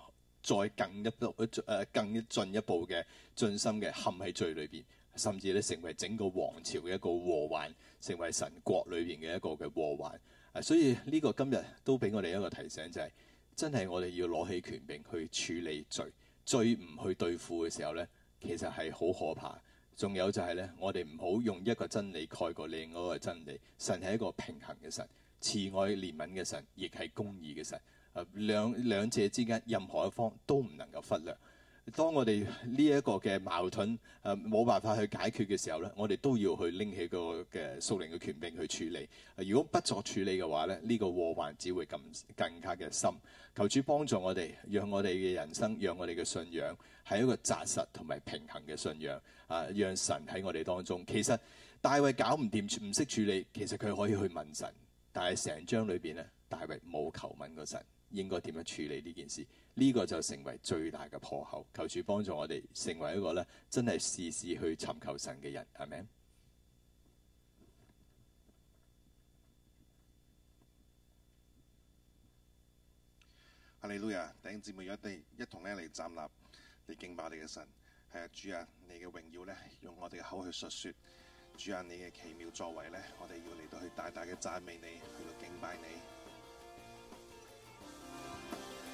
再更一步，誒，更進一步嘅進深嘅陷喺罪裏邊，甚至咧成為整個王朝嘅一個禍患，成為神國裏邊嘅一個嘅禍患。所以呢個今日都俾我哋一個提醒，就係。真係我哋要攞起權柄去處理罪，最唔去對付嘅時候呢，其實係好可怕。仲有就係呢，我哋唔好用一個真理蓋過另外一個真理。神係一個平衡嘅神，慈愛憐憫嘅神，亦係公義嘅神。兩兩者之間，任何一方都唔能夠忽略。當我哋呢一個嘅矛盾誒冇、啊、辦法去解決嘅時候咧，我哋都要去拎起、個嘅蘇寧嘅權柄去處理、啊。如果不作處理嘅話咧，呢、呢個禍患只會更更加嘅深。求主幫助我哋，讓我哋嘅人生，讓我哋嘅信仰係一個紮實同埋平衡嘅信仰啊！讓神喺我哋當中。其實大衛搞唔掂，唔識處理，其實佢可以去問神，但係成章裏邊呢，大衛冇求問過神。應該點樣處理呢件事？呢、這個就成為最大嘅破口。求主幫助我哋成為一個咧真係事事去尋求神嘅人，係咪？哈利路亞！弟兄姊妹，若地一同咧嚟站立嚟敬拜你嘅神，係啊主啊，你嘅榮耀咧，用我哋嘅口去述説。主啊，你嘅、啊、奇妙作為咧，我哋要嚟到去大大嘅讚美你，去到敬拜你。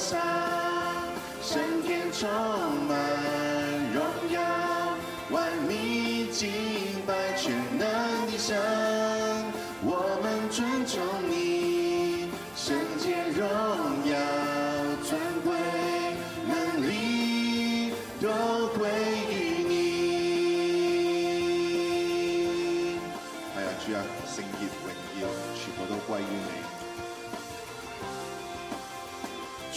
聖天充滿榮耀，萬民敬拜全能的神，我們尊重你，聖潔榮耀尊貴能力都歸於你。哎呀，只要聖潔榮耀，全部都歸於你。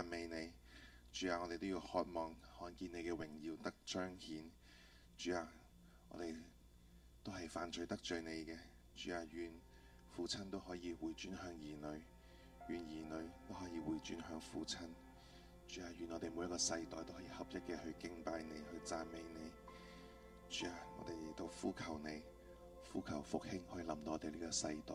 讚美你，主啊！我哋都要渴望看見你嘅榮耀得彰顯。主啊，我哋都係犯罪得罪你嘅。主啊，願父親都可以回轉向兒女，願兒女都可以回轉向父親。主啊，願我哋每一個世代都可以合一嘅去敬拜你，去讚美你。主啊，我哋都呼求你，呼求復興可以臨到我哋呢個世代。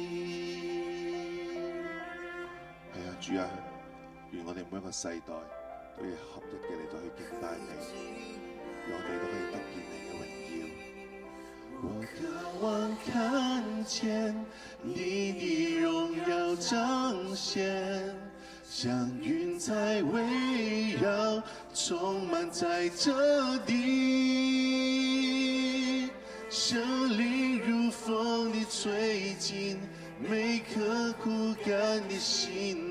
主啊，願我哋每一個世代都要合一嘅嚟到去敬拜你，我哋都可以得見你嘅榮耀。我，我渴望看見你的榮耀彰顯，像雲彩圍繞，充滿在這地，聖靈如風地吹進，每顆枯乾的心。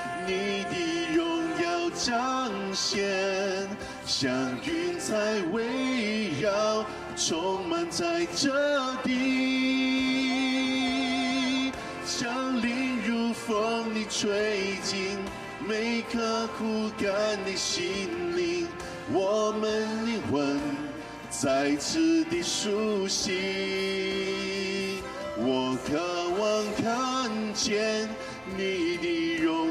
你的榮耀彰顯，像雲彩圍繞，充滿在這地，像林如風你吹進每顆枯乾的心靈，我們靈魂再次的甦醒，我渴望看見你的榮耀。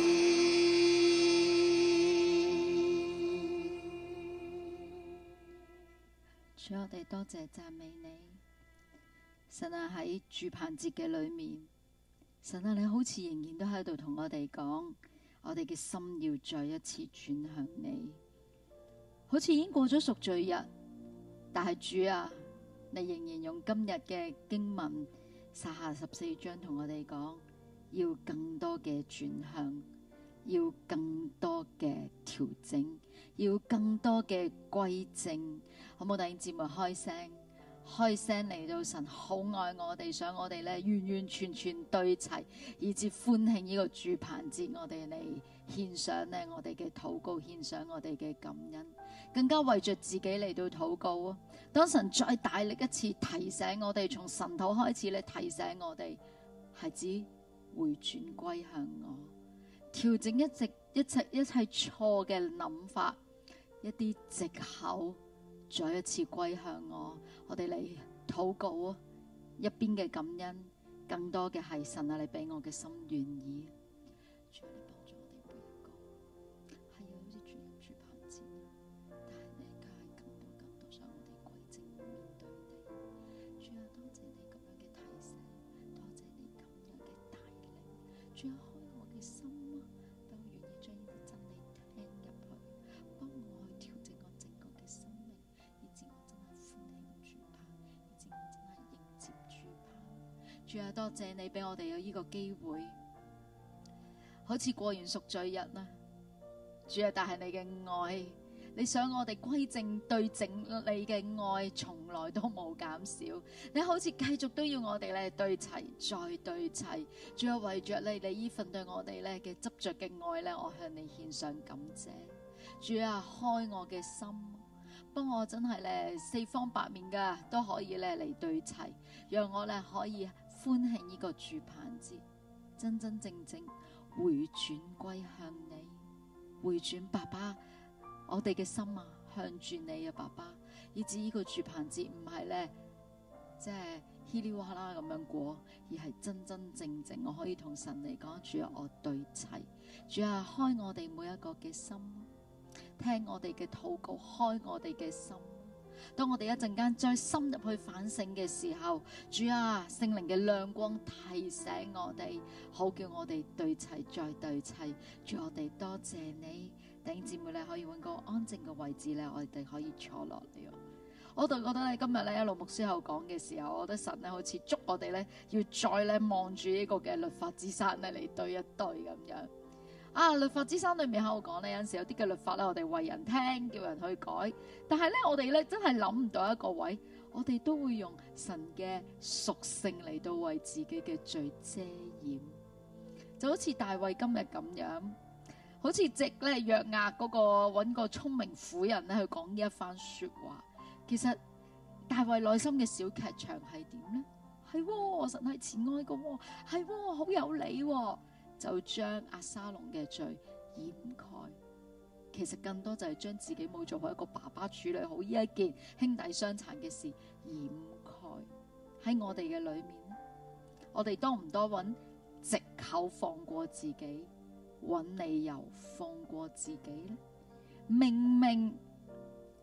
我哋多謝讚美你，神啊喺住棚節嘅裏面，神啊你好似仍然都喺度同我哋講，我哋嘅心要再一次轉向你，好似已經過咗贖罪日，但係主啊，你仍然用今日嘅經文撒下十四章同我哋講，要更多嘅轉向，要更多嘅調整，要更多嘅歸正。好冇？弟兄姊妹開聲，開聲嚟到神，好愛我哋，想我哋咧完完全全對齊，以至歡慶呢個住棚節，我哋嚟獻上呢，我哋嘅禱告，獻上我哋嘅感恩，更加為着自己嚟到禱告啊！當神再大力一次提醒我哋，從神土開始，嚟提醒我哋，孩子回轉歸向我，調整一直一切一切錯嘅諗法，一啲借口。再一次歸向我，我哋嚟禱告啊！一邊嘅感恩，更多嘅係神啊！你俾我嘅心願意，主啊，你幫助我哋背一個，係又好似住住棚節，但係呢界更多更多上我哋跪正咁面對你，主啊，多謝你咁樣嘅提醒，多謝你今日嘅大能，主啊，多謝你俾我哋有呢個機會，好似過完贖罪日啦。主啊，但係你嘅愛，你想我哋歸正對整，你嘅愛從來都冇減少。你好似繼續都要我哋咧對齊再對齊。主啊，為着你你呢份對我哋咧嘅執着嘅愛咧，我向你獻上感謝。主啊，開我嘅心，幫我真係咧四方八面噶都可以咧嚟對齊，讓我咧可以。歡喜呢個住棚節，真真正正回轉歸向你，回轉爸爸，我哋嘅心啊向住你啊爸爸，以至個呢個住棚節唔係咧即係稀里哇啦咁樣過，而係真真正正我可以同神嚟講，主啊我對齊，主啊開我哋每一個嘅心，聽我哋嘅禱告，開我哋嘅心。當我哋一陣間再深入去反省嘅時候，主啊，聖靈嘅亮光提醒我哋，好叫我哋對齊再對齊。主，我哋多謝你。弟兄姊妹咧，可以揾個安靜嘅位置咧，我哋可以坐落嚟。我就覺得咧，今日咧一路牧師後講嘅時候，我覺得神咧好似捉我哋咧，要再咧望住呢個嘅律法之山咧嚟對一對咁樣。啊！律法之山裏面喺度講咧，有陣時有啲嘅律法咧，我哋為人聽，叫人去改。但係咧，我哋咧真係諗唔到一個位，我哋都會用神嘅屬性嚟到為自己嘅罪遮掩。就好似大衛今日咁樣，好似直咧約押嗰個揾個聰明婦人咧去講呢一番說話。其實大衛內心嘅小劇場係點咧？係、哦、神係慈愛嘅，係、哦、好有理、哦。就將阿沙龍嘅罪掩蓋，其實更多就係將自己冇做好一個爸爸處理好呢一件兄弟相殘嘅事掩蓋喺我哋嘅裏面。我哋多唔多揾借口放過自己，揾理由放過自己呢？明明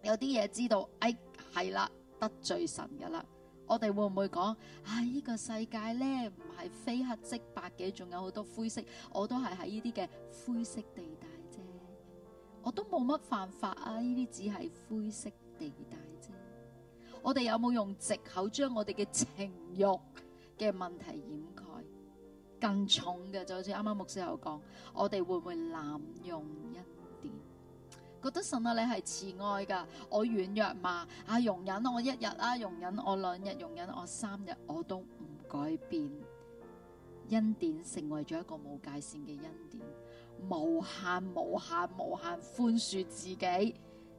有啲嘢知道，哎，係啦，得罪神㗎啦。我哋會唔會講唉，呢、啊呢個世界咧唔係非黑即白嘅，仲有好多灰色。我都係喺呢啲嘅灰色地帶啫，我都冇乜犯法啊！呢啲只係灰色地帶啫。我哋有冇用藉口將我哋嘅情慾嘅問題掩蓋更重嘅？就好似啱啱牧師又講，我哋會唔會濫用一，覺得神啊，你係慈愛噶，我軟弱嘛，啊容忍我一日啊，容忍我兩日，容忍我三日，我都唔改變。恩典成為咗一個冇界線嘅恩典，無限無限無限寬恕自己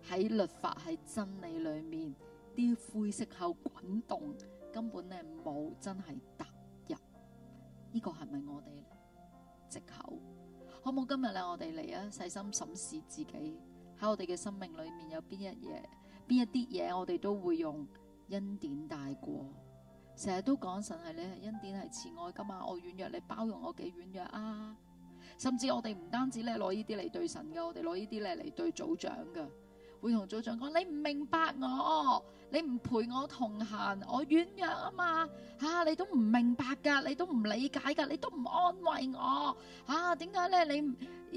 喺律法喺真理裡面啲灰色口，滾動，根本呢冇真係踏入。這個、是是，呢個係咪我哋藉口？好唔好今日咧，我哋嚟啊，細心審視自己。喺我哋嘅生命裏面有，有邊一嘢、邊一啲嘢，我哋都會用恩典帶過。成日都講神係你，恩典係慈愛噶嘛，我軟弱你包容我幾軟弱啊！甚至我哋唔單止咧攞呢啲嚟對神嘅，我哋攞呢啲咧嚟對組長嘅，會同組長講你唔明白我。你唔陪我同行，我軟弱啊嘛，吓，你都唔明白噶，你都唔理解噶，你都唔安慰我啊？點解咧？你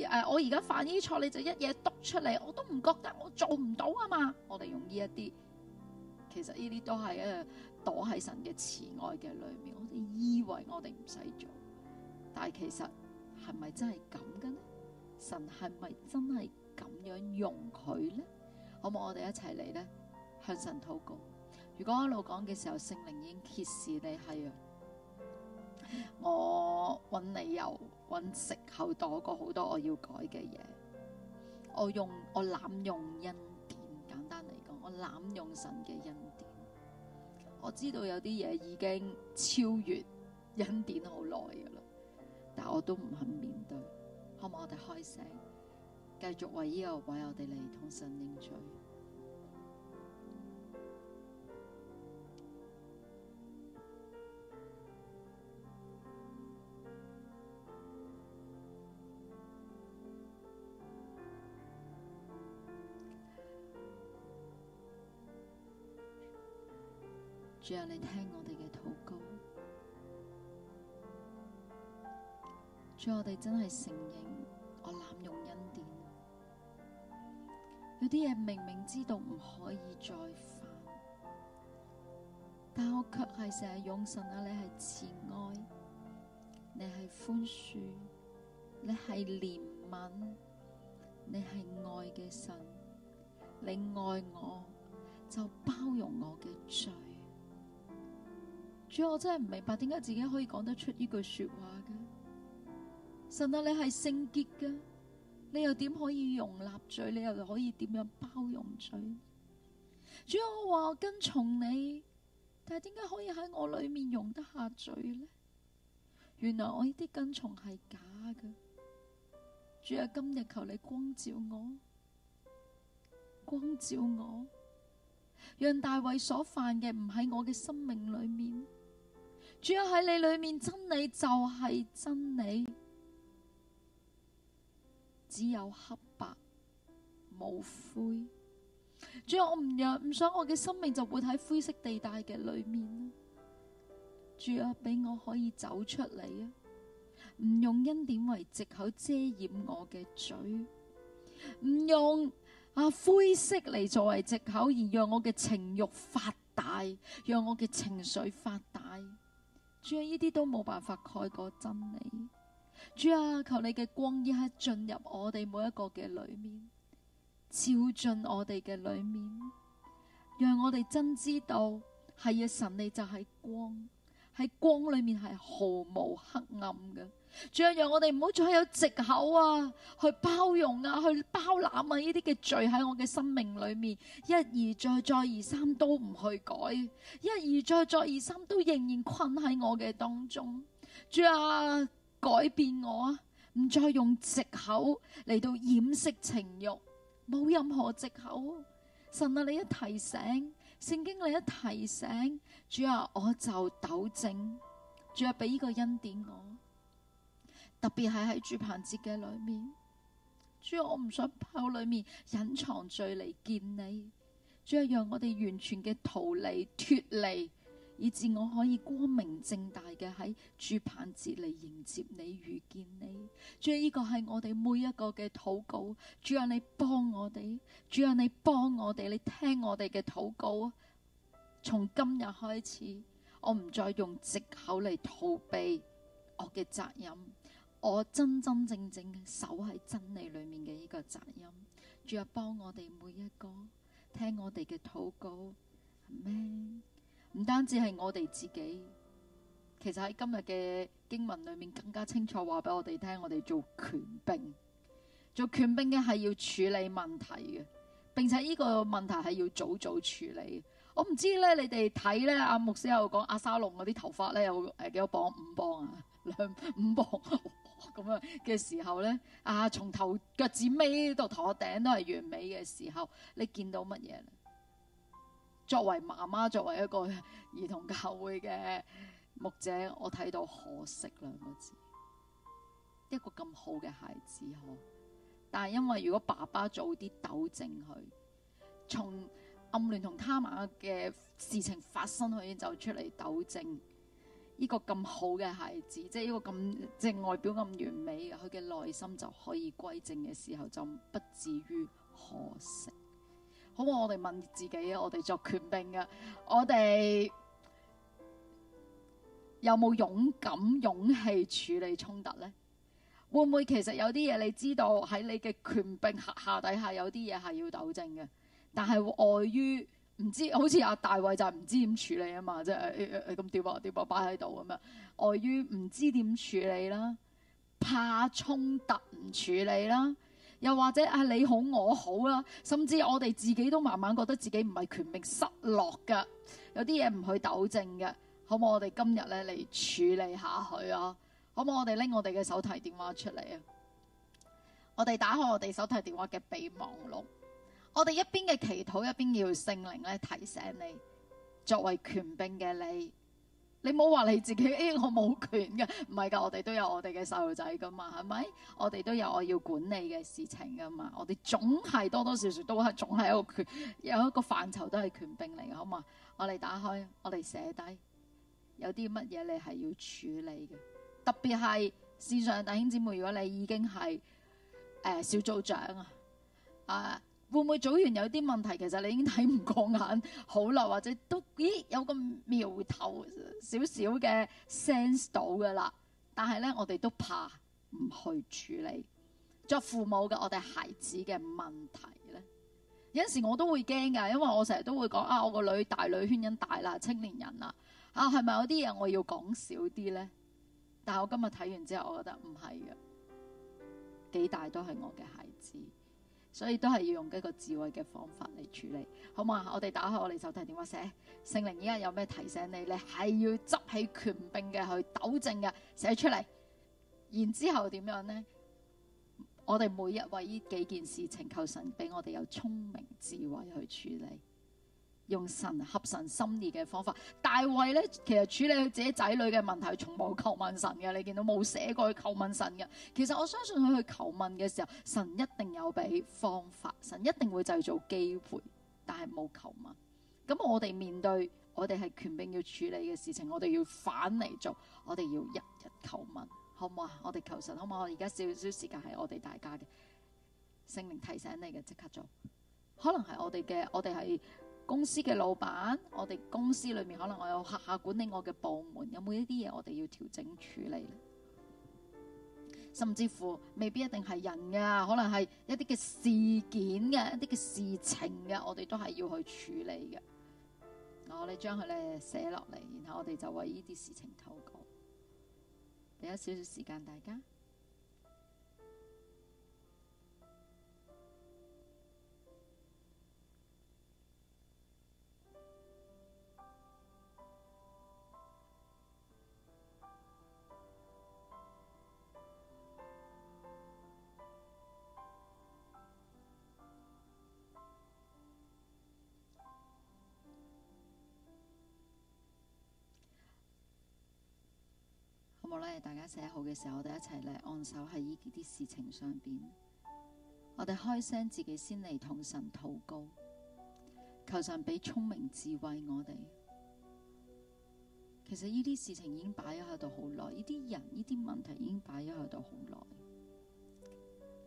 誒、啊，我而家犯呢錯，你就一嘢督出嚟，我都唔覺得我做唔到啊嘛！ (music) 我哋用呢一啲，其實呢啲都係喺度躲喺神嘅慈愛嘅裏面，我哋以為我哋唔使做，但係其實係咪真係咁嘅呢？神係咪真係咁樣容佢咧？好冇？我哋一齊嚟咧。向神禱告。如果一路講嘅時候，聖靈已經揭示你係、啊、我揾理由揾藉口躲過好多我要改嘅嘢，我用我濫用恩典，簡單嚟講我濫用神嘅恩典。我知道有啲嘢已經超越恩典好耐噶啦，但我都唔肯面對。可唔可以我哋開聲，繼續為呢個位我哋嚟同神應許？讓你聽我哋嘅禱告，讓我哋真係承認我濫用恩典，有啲嘢明明知道唔可以再犯，但我卻係成日用神啊！你係慈愛，你係寬恕，你係憐憫，你係愛嘅神，你愛我就包容我嘅罪。主，我真係唔明白點解自己可以講得出呢句說話嘅？神啊，你係聖潔嘅，你又點可以容納罪？你又可以點樣包容罪？主，我話我跟從你，但係點解可以喺我裏面容得下罪呢？原來我呢啲跟從係假嘅。主啊，今日求你光照我，光照我，讓大衛所犯嘅唔喺我嘅生命裏面。主啊，喺你裏面，真理就係真理，只有黑白，冇灰。主啊，我唔讓唔想我嘅生命就活喺灰色地帶嘅裏面啊！主啊，俾我可以走出嚟啊！唔用恩典為借口遮掩我嘅嘴，唔用啊灰色嚟作為借口而讓我嘅情欲發大，讓我嘅情緒發大。主啊，呢啲都冇辦法蓋過真理。主啊，求你嘅光一刻進入我哋每一個嘅裏面，照進我哋嘅裏面，讓我哋真知道係嘅神，你就係光，喺光裏面係毫無黑暗嘅。仲啊，讓我哋唔好再有藉口啊，去包容啊，去包攬啊，呢啲嘅罪喺我嘅生命裏面一而再，再，再而三都唔去改，一而再，再，再而三都仍然困喺我嘅當中。主啊，改變我啊，唔再用藉口嚟到掩飾情欲，冇任何藉口。神啊，你一提醒，聖經你一提醒，主啊，我就糾正。主啊，俾呢個恩典我。特別係喺住棚節嘅裏面，主，要我唔想喺裏面隱藏罪嚟見你，主，要讓我哋完全嘅逃離、脫離，以至我可以光明正大嘅喺住棚節嚟迎接你、遇見你。主，要呢個係我哋每一個嘅禱告，主，要你幫我哋，主，要你幫我哋，你聽我哋嘅禱告。從今日開始，我唔再用借口嚟逃避我嘅責任。我真真正正嘅守喺真理裏面嘅呢個責任，仲有幫我哋每一個聽我哋嘅禱告，唔單止係我哋自己，其實喺今日嘅經文裏面更加清楚話俾我哋聽，我哋做權兵，做權兵嘅係要處理問題嘅，並且呢個問題係要早早處理。我唔知咧，你哋睇咧，阿牧師有講阿沙龍嗰啲頭髮咧有誒幾多磅？五磅啊，兩五磅。 (laughs) 磅 (laughs) 咁樣嘅時候咧，啊從頭腳趾尾到頭頂都係完美嘅時候，你見到乜嘢咧？作為媽媽，作為一個兒童教會嘅牧者，我睇到可惜兩個字，一個咁好嘅孩子嗬，但係因為如果爸爸做啲糾正佢，從暗嫩同他瑪嘅事情發生佢就出嚟糾正。呢個咁好嘅孩子，即係呢個咁即係外表咁完美，佢嘅內心就可以歸正嘅時候，就不至於可惜。好，我哋問自己，我哋作權柄嘅，我哋有冇勇敢勇氣處理衝突呢？會唔會其實有啲嘢你知道，喺你嘅權柄下，下底下有啲嘢係要糾正嘅，但係礙於。唔知好似阿大衛就係唔知點處理啊嘛，即係咁點啊點啊擺喺度咁樣，礙於唔知點處理啦，怕衝突唔處理啦，又或者啊你好我好啦，甚至我哋自己都慢慢覺得自己唔係權明失落嘅，有啲嘢唔去糾正嘅，可唔可以我哋今日咧嚟處理下佢啊？可唔可以我哋拎我哋嘅手提電話出嚟啊？我哋打開我哋手提電話嘅備忘錄。我哋一邊嘅祈禱，一邊要聖靈咧提醒你，作為權柄嘅你，你冇話你自己誒我冇權嘅，唔係噶，我哋都有我哋嘅細路仔噶嘛，係咪？我哋都有我要管理嘅事情噶嘛，我哋總係多多少少都係總係一個權有一個範疇都係權柄嚟嘅好嘛？我哋打開，我哋寫低有啲乜嘢你係要處理嘅，特別係線上弟兄姊妹，如果你已經係誒、呃、小組長啊啊！會唔會組完有啲問題？其實你已經睇唔過眼，好耐或者都咦有個苗頭少少嘅 sense 到㗎啦。但係咧，我哋都怕唔去處理。作父母嘅我哋孩子嘅問題咧，有陣時我都會驚㗎，因為我成日都會講啊，我個女大女圈人大啦，青年人啦，啊係咪有啲嘢我要講少啲咧？但係我今日睇完之後，我覺得唔係嘅，幾大都係我嘅孩子。所以都係要用呢個智慧嘅方法嚟處理，好嘛？我哋打開我哋手提電話寫，聖靈依家有咩提醒你？你係要執起權柄嘅去糾正嘅，寫出嚟。然之後點樣呢？我哋每日為呢幾件事情，求神俾我哋有聰明智慧去處理。用神合神心意嘅方法，大衛咧其實處理佢自己仔女嘅問題，從冇求問神嘅。你見到冇寫過去求問神嘅。其實我相信佢去求問嘅時候，神一定有俾方法，神一定會製造機會，但係冇求問。咁我哋面對我哋係權柄要處理嘅事情，我哋要反嚟做，我哋要日日求問，好唔好啊？我哋求神好唔好？而家少少時間係我哋大家嘅，聖靈提醒你嘅，即刻做。可能係我哋嘅，我哋係。公司嘅老闆，我哋公司裏面，可能我有下下管理我嘅部門，有冇呢啲嘢我哋要調整處理？甚至乎未必一定係人嘅，可能係一啲嘅事件嘅，一啲嘅事情嘅，我哋都係要去處理嘅。我哋將佢咧寫落嚟，然後我哋就為呢啲事情禱告，俾一少少時間大家。大家寫好嘅時候，我哋一齊嚟，按手喺呢啲事情上邊，我哋開聲自己先嚟同神禱告，求神俾聰明智慧我哋。其實呢啲事情已經擺咗喺度好耐，呢啲人呢啲問題已經擺咗喺度好耐。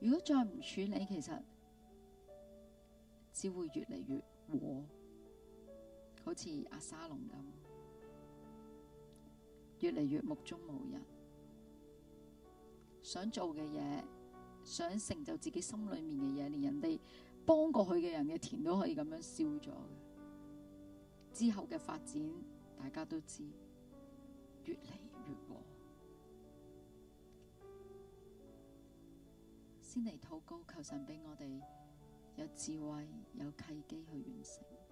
如果再唔處理，其實只會越嚟越和，好似押沙龍咁。越嚟越目中無人，想做嘅嘢，想成就自己心裏面嘅嘢，連人哋幫過佢嘅人嘅田都可以咁樣燒咗。之後嘅發展，大家都知，越嚟越和。先嚟禱告，求神畀我哋有智慧，有契機去完成。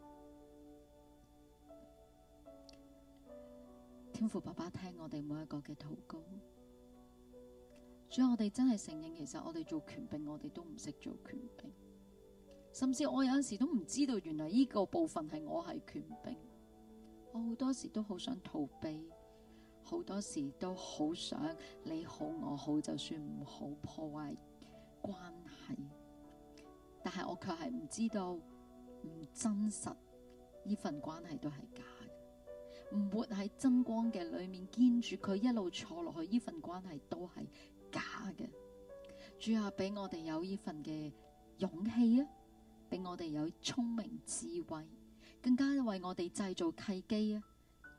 吩咐爸爸聽我哋每一個嘅禱告。所以我哋真係承認，其實我哋做權柄，我哋都唔識做權柄。甚至我有陣時都唔知道，原來呢個部分係我係權柄。我好多時都好想逃避，好多時都好想你好我好，就算唔好破壞關係。但係我卻係唔知道，唔真實呢份關係都係假。唔活喺真光嘅裏面，堅住佢一路坐落去，呢份關係都係假嘅。主啊，俾我哋有呢份嘅勇氣啊，俾我哋有聰明智慧，更加為我哋製造契機啊！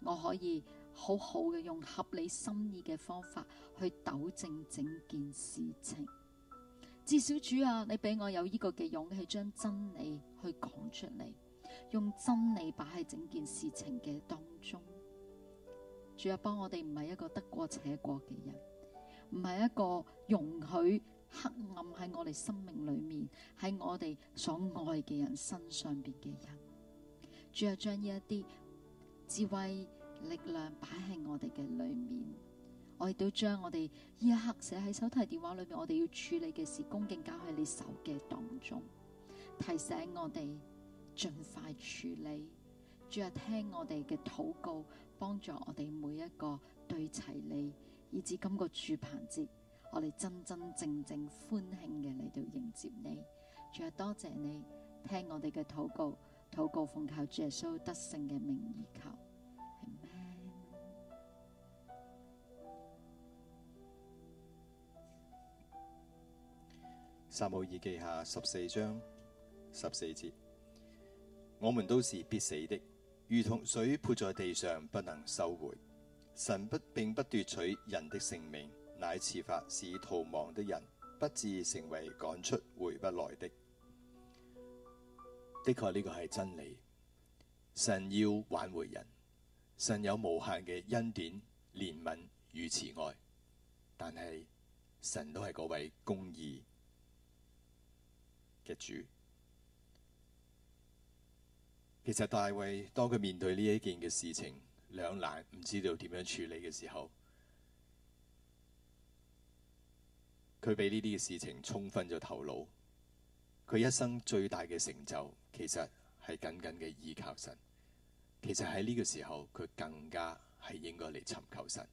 我可以好好嘅用合理心意嘅方法去糾正整件事情。至少主啊，你俾我有呢個嘅勇氣，將真理去講出嚟，用真理擺喺整件事情嘅當。主啊，幫我哋唔係一個得過且過嘅人，唔係一個容許黑暗喺我哋生命裏面，喺我哋所愛嘅人身上邊嘅人。主啊，將呢一啲智慧力量擺喺我哋嘅裏面，我亦都將我哋呢一刻寫喺手提電話裏面，我哋要處理嘅事，恭敬交喺你手嘅當中，提醒我哋盡快處理。主啊，聽我哋嘅禱告，幫助我哋每一個對齊你，以至今個住棚節，我哋真真正正歡慶嘅嚟到迎接你。主啊，多謝你聽我哋嘅禱告，禱告奉靠主，耶穌得勝嘅名而求。撒母耳記下十四章十四節，我們都是必死的。如同水潑在地上不能收回，神不並不奪取人的性命，乃設法使逃亡的人不至成為趕出回不來的。的確呢個係真理，神要挽回人，神有無限嘅恩典、憐憫與慈愛，但係神都係嗰位公義嘅主。其實大衛當佢面對呢一件嘅事情兩難，唔知道點樣處理嘅時候，佢俾呢啲嘅事情沖昏咗頭腦。佢一生最大嘅成就其實係緊緊嘅依靠神。其實喺呢個時候，佢更加係應該嚟尋求神，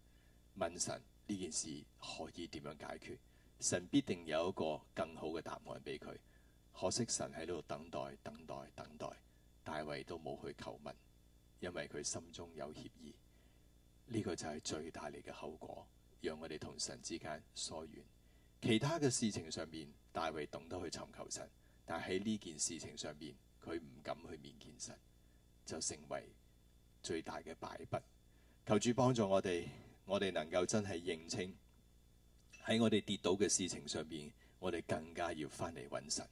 問神呢件事可以點樣解決？神必定有一個更好嘅答案俾佢。可惜神喺度等待、等待、等待。大衛都冇去求問，因為佢心中有歉意，呢、這個就係最大嚟嘅後果，讓我哋同神之間疏遠。其他嘅事情上面，大衛懂得去尋求神，但係喺呢件事情上面，佢唔敢去面見神，就成為最大嘅敗筆。求主幫助我哋，我哋能夠真係認清喺我哋跌倒嘅事情上面，我哋更加要翻嚟揾神。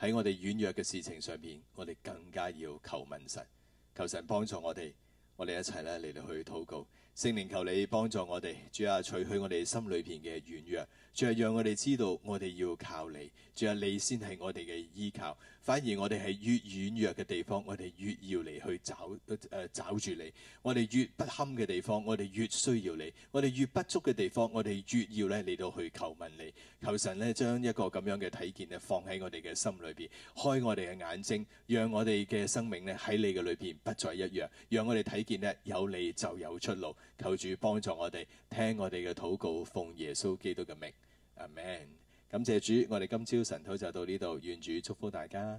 喺我哋軟弱嘅事情上面，我哋更加要求問神，求神幫助我哋，我哋一齊咧嚟嚟去去禱告。聖靈，求你幫助我哋，主啊，除去我哋心裏邊嘅軟弱，主啊，讓我哋知道我哋要靠你，主啊，你先係我哋嘅依靠。反而我哋係越軟弱嘅地方，我哋越要嚟去找誒、呃、找住你；我哋越不堪嘅地方，我哋越需要你；我哋越不足嘅地方，我哋越要咧嚟到去求問你。求神咧將一個咁樣嘅睇見咧放喺我哋嘅心裏邊，開我哋嘅眼睛，讓我哋嘅生命咧喺你嘅裏邊不再一樣，讓我哋睇見咧有你就有出路。求主幫助我哋，聽我哋嘅禱告，奉耶穌基督嘅名，Amen。感謝主，我哋今朝晨禱就到呢度，願主祝福大家。